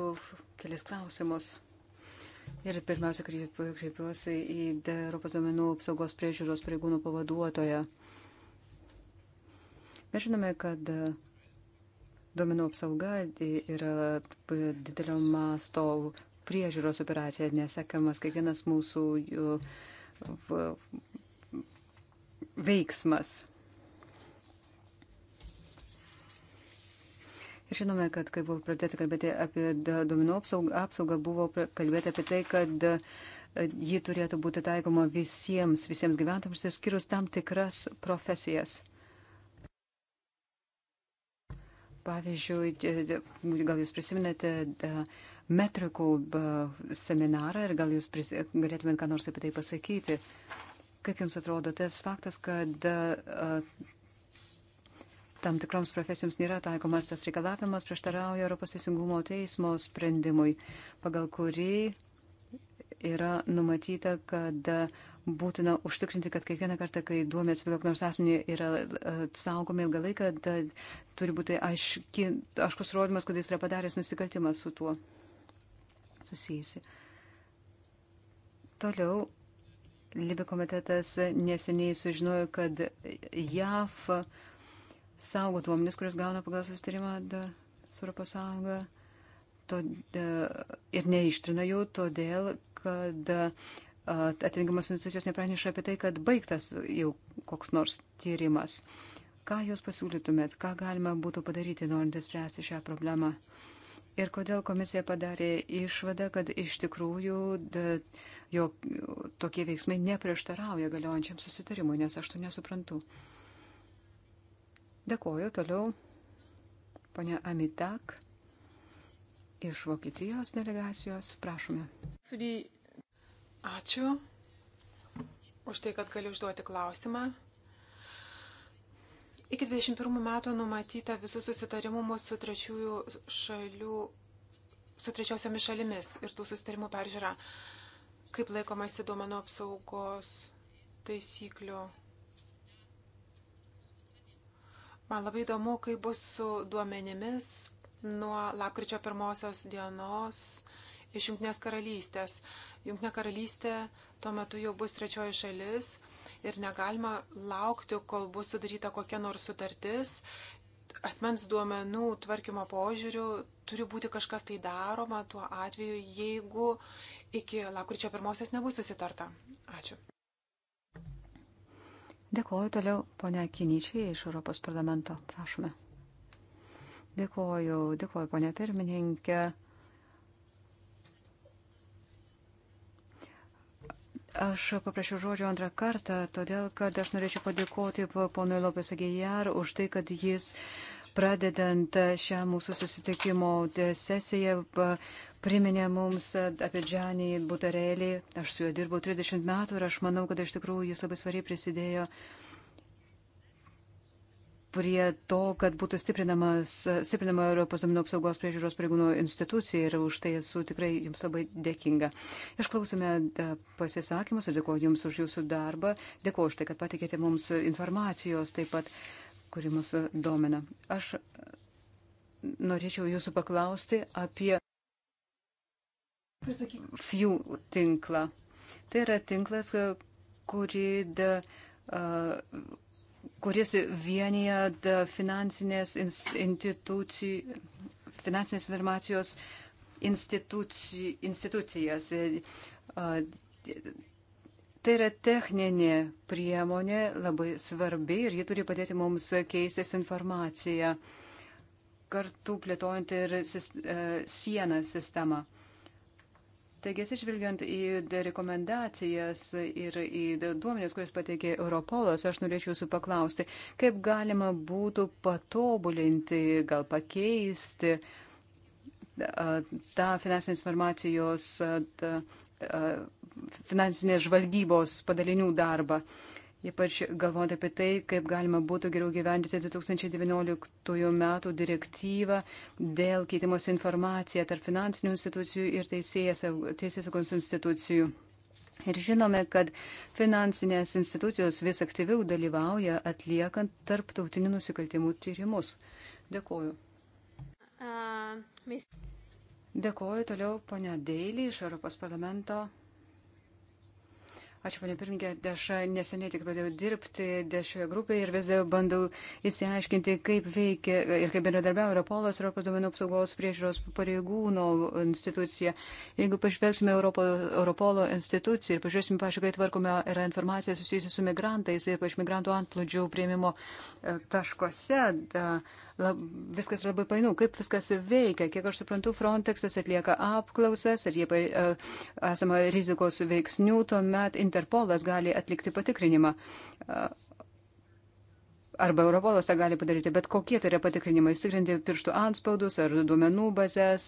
kelis klausimus. Ir pirmiausia, kreipiuosi į Europos domenų apsaugos priežiūros pareigūnų pavaduotoją. Mes žinome, kad duomenų apsauga yra didelio masto priežiūros operacija, nesekamas kiekvienas mūsų veiksmas. Ir žinome, kad kai buvo pradėta kalbėti apie duomenų apsaugą, apsaugą buvo kalbėta apie tai, kad e, ji turėtų būti taikoma visiems, visiems gyventojams, išskyrus tam tikras profesijas. Pavyzdžiui, gal jūs prisiminate metrikų seminarą ir gal jūs pris, galėtumėt ką nors apie tai pasakyti. Kaip jums atrodo tas faktas, kad e, tam tikroms profesijoms nėra taikomas tas reikalavimas, prieštarauja Europos teisingumo teismo sprendimui, pagal kurį yra numatyta, kad būtina užtikrinti, kad kiekvieną kartą, kai duomenys apie kokį nors asmenį yra e, saugomi ilgą laiką, turi būti aiški, aiškus rodimas, kad jis yra padaręs nusikaltimą su tuo susijusi. Toliau, Libė komitetas neseniai sužinojo, kad JAV saugo duomenis, kurias gauna pagal susitarimą su Europos Sąjunga ir neištrina jų, todėl, kad atitinkamos institucijos nepraneša apie tai, kad baigtas jau koks nors tyrimas. Ką jūs pasiūlytumėt, ką galima būtų padaryti, norint spręsti šią problemą? Ir kodėl komisija padarė išvadą, kad iš tikrųjų da, jo, tokie veiksmai neprieštarauja galiojančiam susitarimui, nes aš to nesuprantu. Uh, Dėkoju toliau ponia Amitak iš Vokietijos delegacijos. Prašome. Ačiū už tai, kad galiu užduoti klausimą. Iki 21 metų numatyta visų susitarimų su trečiųjų šalių, su trečiosiomis šalimis ir tų susitarimų peržiūra, kaip laikomasi duomenų apsaugos taisyklių Man labai įdomu, kaip bus su duomenimis nuo lapkričio pirmosios dienos iš Junktinės karalystės. Junktinė karalystė tuo metu jau bus trečioji šalis ir negalima laukti, kol bus sudaryta kokia nors sutartis. Asmens duomenų tvarkymo požiūrių turi būti kažkas tai daroma tuo atveju, jeigu iki lakurčio pirmosios nebus susitarta. Ačiū. Dėkuoju toliau ponia Kiničiai iš Europos parlamento. Prašome. Dėkuoju, dėkuoju ponia pirmininkė. Aš paprašiau žodžio antrą kartą, todėl kad aš norėčiau padėkoti ponui Lopes Agijar už tai, kad jis uh, pradedant šią mūsų susitikimo sesiją, priminė mums apie Džanį Butarelį. Aš su juo dirbau 30 metų ir aš manau, kad iš tikrųjų jis labai svariai prisidėjo prie to, kad būtų stiprinama Europos domino apsaugos priežiūros pareigūnų institucija ir už tai esu tikrai jums labai dėkinga. Išklausome pasisakymus ir dėkoju jums už jūsų darbą. Dėkoju už tai, kad patikėte mums informacijos taip pat kuri mus domina. Aš norėčiau jūsų paklausti apie FIU tinklą. Tai yra tinklas, kuri da, uh, kuris vienyje finansinės institucijų, finansinės informacijos institucijų, institucijas. Tai yra techninė priemonė, labai svarbi ir ji turi padėti mums keistis informaciją, kartu plėtojant ir e, sieną sistemą. Taigi, išvilgiant į rekomendacijas ir į duomenės, kuris pateikė Europolas, aš norėčiau jūsų paklausti, kaip galima būtų patobulinti, gal pakeisti tą finansinės informacijos. Ta, ta, finansinės žvalgybos padalinių darbą. Ypač galvojant apie tai, kaip galima būtų geriau gyvendyti 2019 metų direktyvą dėl keitimos informacija tarp finansinių institucijų ir teisėsaugos institucijų. Ir žinome, kad finansinės institucijos vis aktyviau dalyvauja atliekant tarptautinių nusikaltimų tyrimus. Dėkuoju. Uh, Dėkuoju toliau ponia Deilį iš Europos parlamento Ačiū, ponė Pirinkė, aš neseniai tik pradėjau dirbti šioje grupėje ir vis bandau įsiaiškinti, kaip veikia ir kaip bendradarbiauja Europolas, Europos duomenų apsaugos priežiūros pareigūno institucija. Jeigu pažvelgsime Europo, Europolo instituciją ir pažiūrėsime, pažiūrėkime, kai tvarkome yra informacija susijusi su migrantais, ypač migrantų antplūdžių prieimimo e, taškuose. Da, lab, viskas labai painu, kaip viskas veikia. Kiek aš suprantu, Frontexas atlieka apklausas, ar jie uh, esama rizikos veiksnių, tuomet Interpolas gali atlikti patikrinimą. Uh, arba Europolas tą gali padaryti, bet kokie tai yra patikrinimai, tikrinti pirštų anspaudus ar duomenų bazės,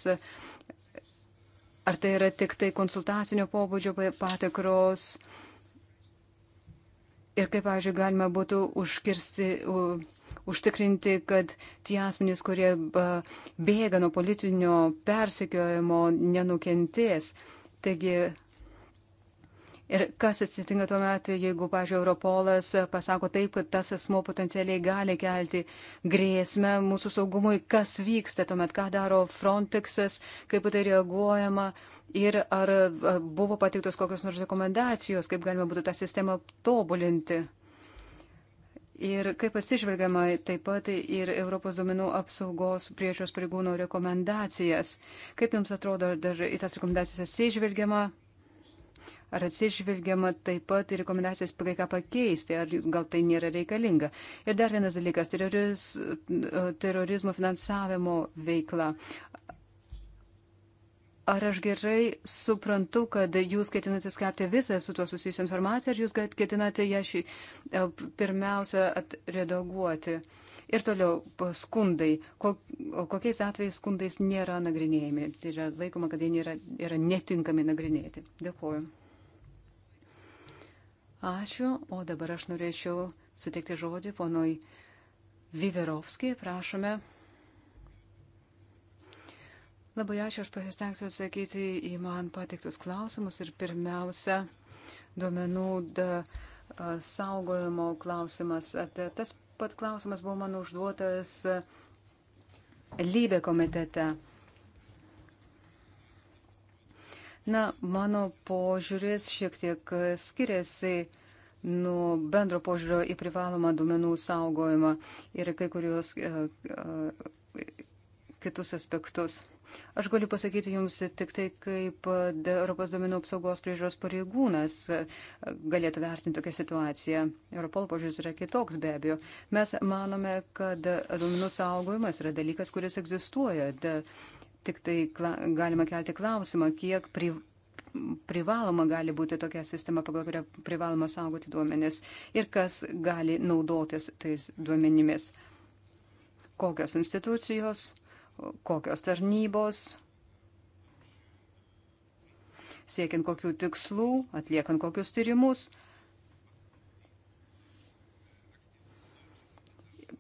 ar tai yra tik tai konsultacinio pobūdžio patikros ir kaip, pavyzdžiui, galima būtų užkirsti užtikrinti, kad tie asmenys, kurie bėga nuo politinio persekiojimo, nenukentės. Taigi, ir kas atsitinka tuo metu, jeigu, pažiūrėjau, Europolas pasako taip, kad tas asmo potencialiai gali kelti grėsmę mūsų saugumui, kas vyksta tuomet, ką daro Frontexas, kaip tai reaguojama ir ar buvo pateiktos kokios nors rekomendacijos, kaip galima būtų tą sistemą tobulinti. Ir kaip atsižvelgiama taip pat ir Europos duomenų apsaugos priežiūros pareigūno rekomendacijas. Kaip Jums atrodo, ar į tas rekomendacijas atsižvelgiama? Ar atsižvelgiama taip pat ir rekomendacijas kai ką pakeisti, ar gal tai nėra reikalinga? Ir dar vienas dalykas - teroriz, terorizmo finansavimo veikla. Ar aš gerai suprantu, kad jūs ketinate skelbti visą su tuo susijusią informaciją, ar jūs ketinate ją šį, e, pirmiausia atredaguoti? Ir toliau skundai. Kokiais atvejais skundais nėra nagrinėjami? Tai yra laikoma, kad jie nėra, yra netinkami nagrinėti. Dėkuoju. Ačiū. O dabar aš norėčiau suteikti žodį ponui Viverovskijai. Prašome. Labai ačiū, aš pasistengsiu atsakyti į man patiktus klausimus ir pirmiausia, duomenų da, saugojimo klausimas. Tas pat klausimas buvo man užduotas lybė komitete. Na, mano požiūris šiek tiek skiriasi nuo bendro požiūrio į privalomą duomenų saugojimą ir kai kurios uh, uh, kitus aspektus. Aš galiu pasakyti Jums tik tai, kaip e, Europos domenų apsaugos priežiūros pareigūnas e, galėtų vertinti tokią situaciją. Europol požiūris yra kitoks be abejo. Mes manome, kad domenų saugojimas yra dalykas, kuris egzistuoja. De, tik tai galima kelti klausimą, kiek pri, privaloma gali būti tokia sistema, pagal kurią privaloma saugoti duomenis ir kas gali naudotis tais duomenimis. Kokios institucijos kokios tarnybos, siekiant kokių tikslų, atliekant kokius tyrimus.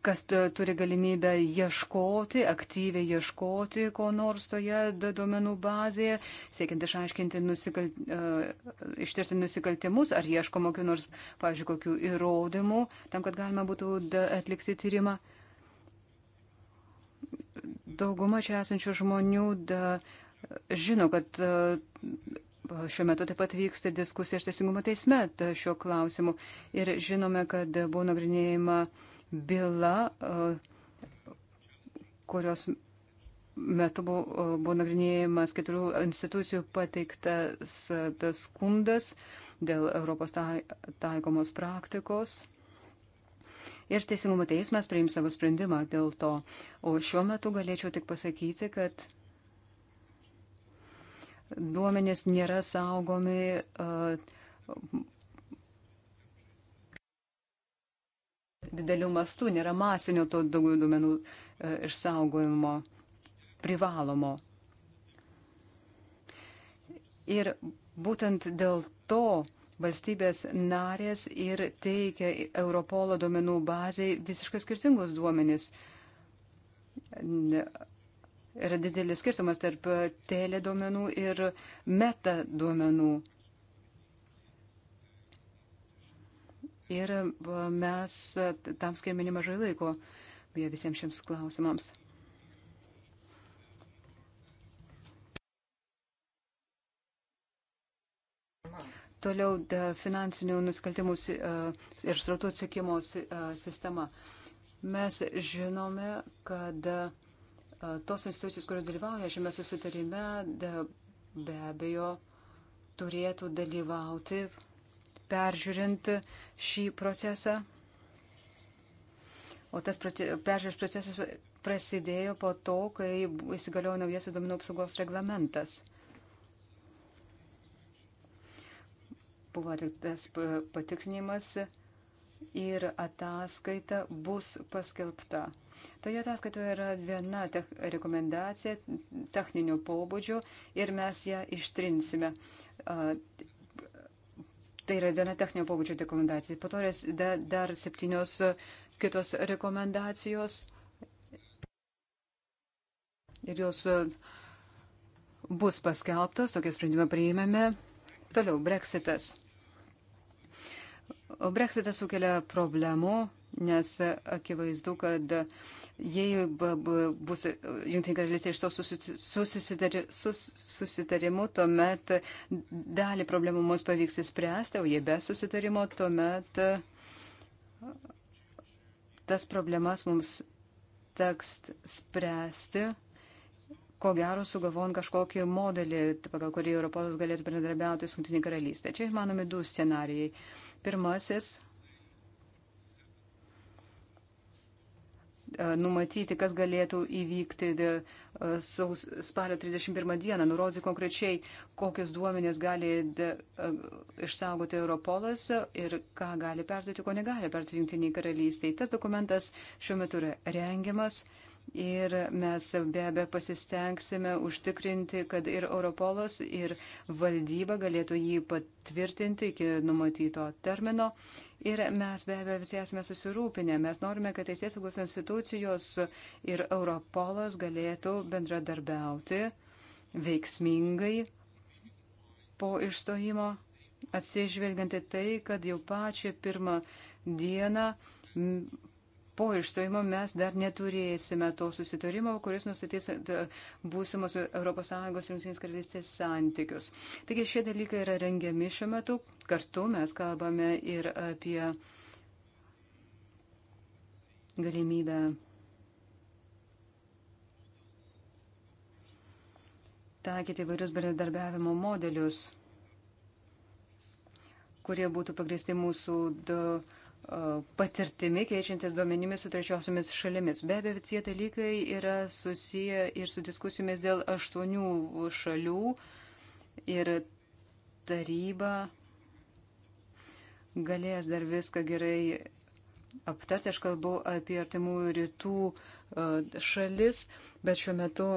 kas turi galimybę ieškoti, aktyviai ieškoti ko nors toje duomenų bazėje, siekiant išaiškinti, nusikal... E, ištirti nusikaltimus, ar ieško kokiu nors, pavyzdžiui, kokiu įrodymu, tam, kad galima būtų atlikti tyrimą dauguma čia esančių žmonių da, žino, kad e, šiuo metu taip pat vyksta diskusija ir teisingumo teisme e, šiuo klausimu. Ir žinome, kad buvo nagrinėjama byla, e, kurios metu buvo, buvo nagrinėjimas keturių institucijų pateiktas skundas dėl Europos tai, taikomos praktikos ir Teisingumo teismas priims savo sprendimą dėl to. O šiuo metu galėčiau tik pasakyti, kad duomenės nėra saugomi. Uh, didelių mastų, nėra masinio to daugiau duomenų e, išsaugojimo privalomo. Ir būtent dėl to valstybės narės ir teikia Europolo duomenų bazai visiškai skirtingus duomenis. Yra didelis skirtumas tarp tele duomenų ir meta duomenų. Ir mes tam skirime nemažai laiko visiems šiems klausimams. Toliau finansinių nusikaltimų ir srautų atsiekimo sistema. Mes žinome, kad tos institucijos, kurios dalyvauja šiame susitarime, be abejo turėtų dalyvauti peržiūrint šį procesą. O tas peržiūros procesas prasidėjo po to, kai įsigaliojo naujasis duomenų apsaugos reglamentas. buvo atliktas patikrinimas ir ataskaita bus paskelbta. Toje ataskaitoje yra viena tech, rekomendacija techninio pobūdžio ir mes ją ištrinsime. Tai yra viena techninio pobūdžio rekomendacija. Po to yra dar septynios kitos rekomendacijos. Ir jos bus paskelbtas, tokie sprendimą priėmėme. Toliau Brexitas. Brexitas sukelia problemų, nes akivaizdu, kad jei bus Junktinė karalystė iš to susitari, sus, susitarimu, tuomet dalį problemų mums pavyks įspręsti, o jei be susitarimo, tuomet tas problemas mums teks spręsti ko gero sugalvojant kažkokį modelį, pagal kurį Europos galėtų bendradarbiauti su Junktinė karalystė. Čia įmanomi du scenarijai. Pirmasis e, numatyti, kas galėtų įvykti e, saus, spalio 31 dieną, nurodyti konkrečiai, kokius duomenės gali de, e, išsaugoti Europolas ir ką gali perduoti, ko negali perduoti Junktiniai karalystiai. Tas dokumentas šiuo metu yra rengiamas Ir mes be abejo pasistengsime užtikrinti, kad ir Europolas, ir valdyba galėtų jį patvirtinti iki numatyto termino. Ir mes be abejo visi esame susirūpinę. Mes norime, kad teisėsaugos institucijos ir Europolas galėtų bendradarbiauti veiksmingai po išstojimo, atsižvelgianti tai, kad jau pačią pirmą dieną po išstojimo mes dar neturėsime to susitarimo, kuris nustatys e, būsimus ES ir Junktinės karalystės santykius. Taigi šie dalykai yra rengiami šiuo metu. Kartu mes kalbame ir apie galimybę. Taikyti įvairius bendradarbiavimo modelius, kurie būtų pagristi mūsų da, uh, patirtimi keičiantis duomenimis su trečiosiomis šalimis. Be abejo, tie dalykai yra susiję ir su diskusijomis dėl aštuonių šalių ir taryba galės dar viską gerai aptarti. Aš kalbu apie artimųjų rytų šalis, bet šiuo metu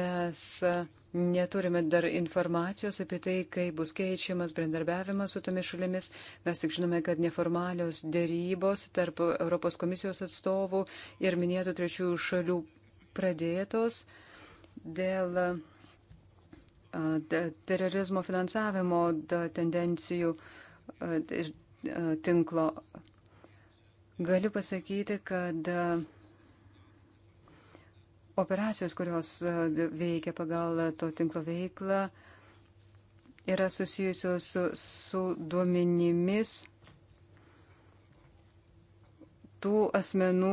mes. Uh, Neturime dar informacijos apie tai, kaip bus keičiamas bendarbiavimas su tomis šalimis. Mes tik žinome, kad neformalios dėrybos tarp Europos komisijos atstovų ir minėtų trečiųjų šalių pradėtos dėl terorizmo finansavimo tendencijų tinklo. Galiu pasakyti, kad operacijos, kurios e, veikia pagal to tinklo veiklą, yra susijusios su, su duomenimis tų asmenų,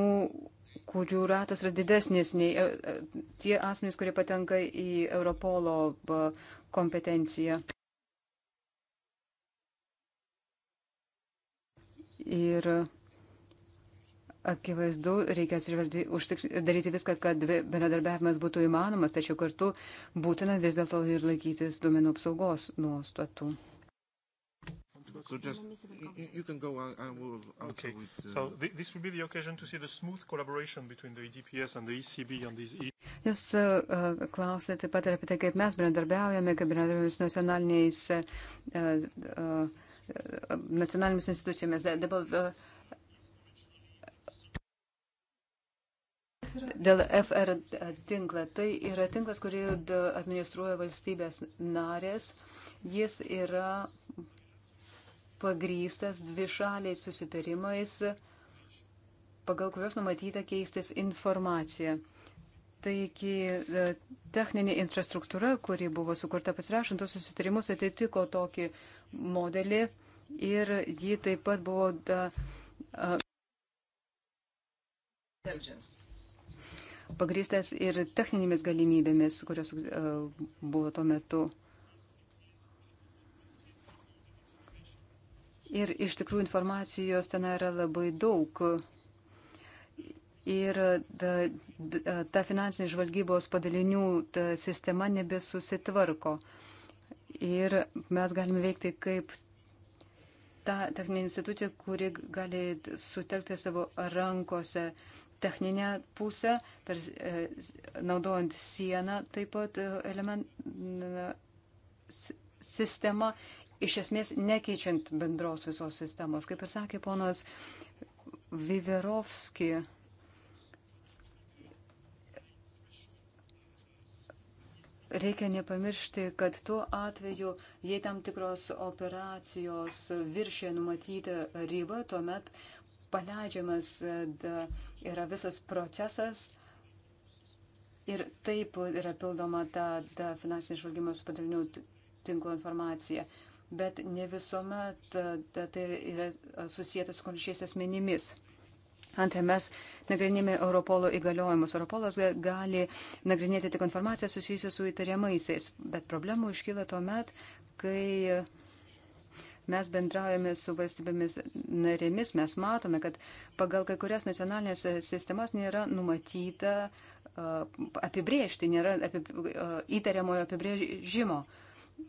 kurių ratas yra didesnis nei e, e, tie asmenys, kurie patenka į Europolo kompetenciją. Ir Akivaizdu, reikia atsižvelgti, daryti viską, kad bendradarbiavimas būtų įmanomas, tačiau kartu būtina vis dėlto ir laikytis duomenų apsaugos nuostatų. So just, you, you can go. I will answer okay. with. Uh, so th this will be the occasion to see the smooth collaboration between the EDPS and the ECB on these. E Jūs uh, klausėte taip pat ir apie tai, kaip mes bendradarbiaujame, kaip bendradarbiaujame su nacionaliniais, uh, uh, uh nacionalinėmis institucijomis. Dabar uh, Dėl FR tinklą. Tai yra tinklas, kurį administruoja valstybės narės. Jis yra pagrystas dvišaliais susitarimais, pagal kurios numatyta keistis informacija. Taigi e, techninė infrastruktūra, kuri buvo sukurta pasirašantos susitarimus, atitiko tokį modelį ir ji taip pat buvo. Da, a, pagristas ir techninėmis galimybėmis, kurios e, buvo tuo metu. Ir iš tikrųjų informacijos ten yra labai daug. Ir ta, e, e, ta finansinė žvalgybos padalinių sistema nebesusitvarko. Ir mes galime veikti kaip ta techninė institucija, kuri gali sutelkti savo rankose uh, techninę pusę, per, e, naudojant sieną taip pat e, element, sistemą, iš esmės nekeičiant bendros visos sistemos. Kaip ir sakė ponas Viverovski, Reikia nepamiršti, kad tuo atveju, jei tam tikros operacijos viršė numatytą ribą, tuomet paleidžiamas yra visas procesas ir taip yra pildoma ta, ta finansinė žvalgymos padalinių tinklo informacija. Bet ne visuomet tai yra susijęs su konkrečiais asmenimis. Antra, mes nagrinėjame Europolo įgaliojimus. Europolas gali nagrinėti tik informaciją susijusią su įtariamaisiais, bet problemų iškyla tuo met, kai Mes bendraujame su valstybėmis narėmis, mes matome, kad pagal kai kurias nacionalinės sistemas nėra numatyta apibriežti, nėra apib... įtariamojo apibrėžimo.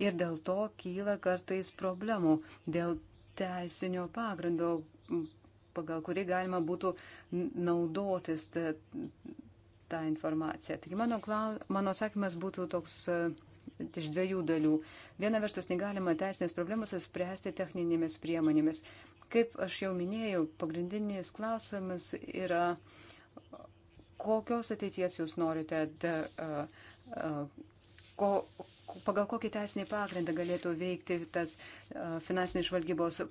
Ir dėl to kyla kartais problemų dėl teisinio pagrindo, pagal kurį galima būtų naudotis tą informaciją. Taigi mano, klau, mano sakymas būtų toks iš dviejų dalių. Viena vertus negalima teisinės problemas spręsti techninėmis priemonėmis. Kaip aš jau minėjau, pagrindinis klausimas yra, kokios ateities jūs norite, da, a, a, ko, pagal kokį teisinį pagrindą galėtų veikti tas finansinės žvalgybos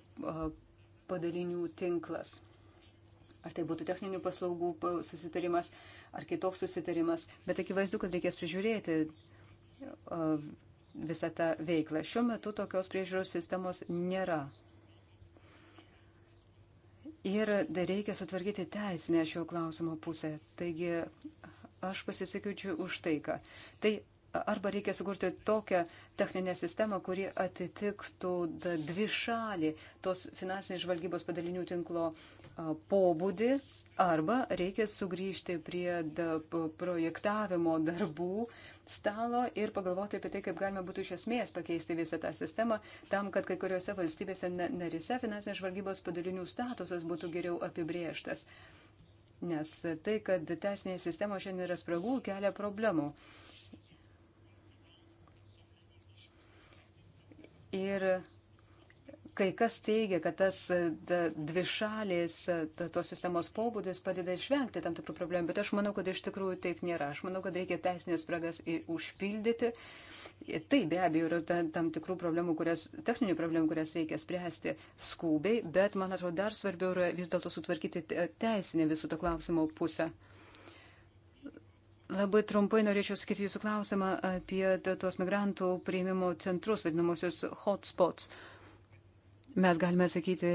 padalinių tinklas. Ar tai būtų techninių paslaugų susitarimas, ar kitoks susitarimas, bet akivaizdu, kad reikės prižiūrėti uh, visą tą veiklą. Šiuo metu tokios priežiūros sistemos nėra. Ir dar reikia sutvarkyti teisinę šio klausimo pusę. Taigi aš pasisakyčiau už tai, ką. Tai arba reikia sukurti tokią techninę sistemą, kuri atitiktų dvi šalį tos finansinės žvalgybos padalinių tinklo uh, pobūdį arba reikia sugrįžti prie da, projektavimo darbų stalo ir pagalvoti apie tai, kaip galima būtų iš esmės pakeisti visą tą sistemą tam, kad kai kuriuose valstybėse narise finansinės žvalgybos padalinių statusas būtų geriau apibrėžtas. Nes tai, kad teisinėje sistemoje šiandien yra spragų, kelia problemų. Ir Kai kas teigia, kad tas dvišalės tos sistemos pobūdis padeda išvengti tam tikrų problemų, bet aš manau, kad iš tikrųjų taip nėra. Aš manau, kad reikia teisinės spragas užpildyti. Tai be abejo yra tam tikrų problemų, kurias, techninių problemų, kurias reikia spręsti skubiai, bet man atrodo dar svarbiau yra vis dėlto sutvarkyti teisinę visų to klausimo pusę. Labai trumpai norėčiau sakyti jūsų klausimą apie tuos migrantų prieimimo centrus, vadinamosius hotspots. Uh, Mes galime atsakyti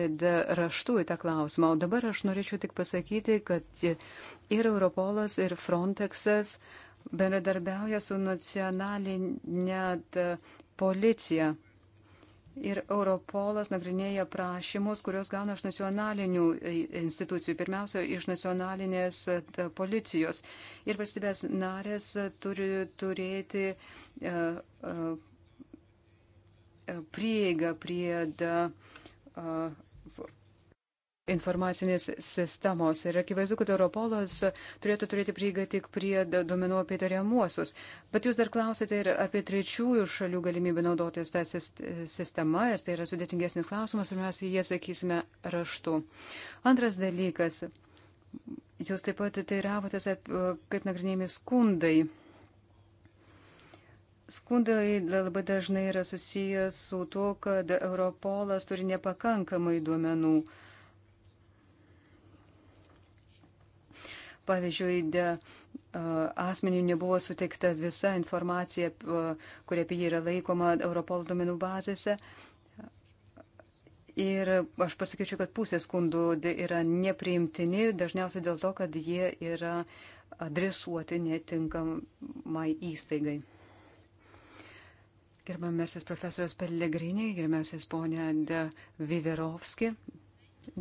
raštu į tą klausimą. O dabar aš norėčiau tik pasakyti, kad ir Europolas, ir Frontexas bendradarbiauja su nacionalinė policija. Ir Europolas nagrinėja prašymus, kuriuos gauna iš nacionalinių institucijų, pirmiausia, iš nacionalinės policijos. Ir valstybės narės turi turėti. Uh, uh, prieigą prie da, uh, informacinės sistemos. Ir akivaizdu, kad Europolas turėtų turėti prieigą tik prie duomenų apie tariamuosius. Bet jūs dar klausėte ir apie trečiųjų šalių galimybę naudotis tą sistemą, ir tai yra sudėtingesnis klausimas, ir mes į jį sakysime raštu. Antras dalykas. Jūs taip pat teiravotės, kaip nagrinėjami skundai Skundai labai dažnai yra susijęs su tuo, kad Europolas turi nepakankamai duomenų. Pavyzdžiui, de, asmenių nebuvo suteikta visa informacija, kuria apie jį yra laikoma Europol duomenų bazėse. Ir aš pasakyčiau, kad pusė skundų yra nepriimtini, dažniausiai dėl to, kad jie yra adresuoti netinkamai įstaigai. Gerbamasis profesorius Pellegrinį, gerbamasis ponė De Viverovski,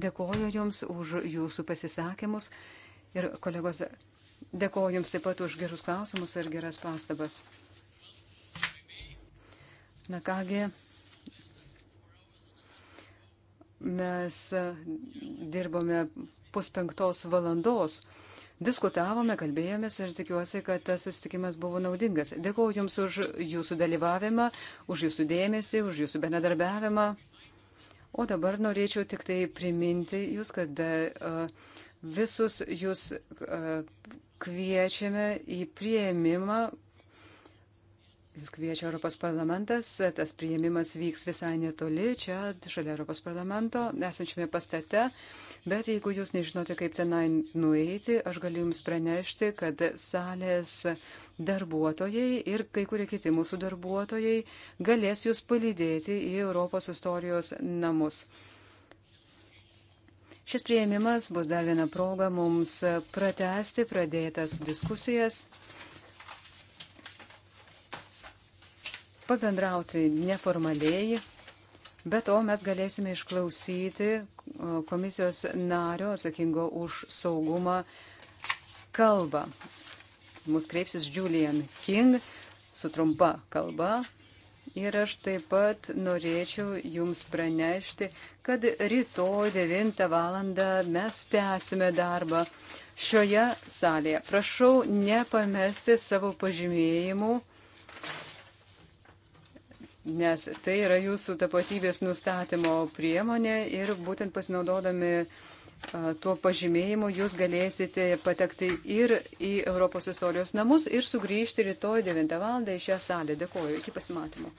dėkoju Jums už Jūsų pasisakymus ir kolegos, dėkoju Jums taip pat už gerus klausimus ir geras pastabas. Na kągi, mes dirbome puspenktos valandos. Diskutavome, kalbėjomės ir tikiuosi, kad tas susitikimas buvo naudingas. Dėkuoju Jums už Jūsų dalyvavimą, už Jūsų dėmesį, už Jūsų bendradarbiavimą. O dabar norėčiau tik tai priminti Jūs, kad e, visus Jūs e, kviečiame į prieimimą Jūs kviečia Europos parlamentas, tas priėmimas vyks visai netoli, čia šalia Europos parlamento, esančiame pastate, bet jeigu jūs nežinote, kaip tenai nueiti, aš galiu jums pranešti, kad salės darbuotojai ir kai kurie kiti mūsų darbuotojai galės jūs palydėti į Europos istorijos namus. Šis prieimimas bus dar viena proga mums pratesti pradėtas diskusijas. pabendrauti neformaliai. Be to mes galėsime išklausyti komisijos nario atsakingo už saugumą kalbą. Mus kreipsis Julian King su trumpa kalba. Ir aš taip pat norėčiau Jums pranešti, kad rytoj 9 val. mes tęsime darbą šioje salėje. Prašau nepamesti savo pažymėjimų nes tai yra jūsų tapatybės nustatymo priemonė ir būtent pasinaudodami tuo pažymėjimu jūs galėsite patekti ir į Europos istorijos namus ir sugrįžti rytoj 9 val. į šią salę. Dėkuoju, iki pasimatymo.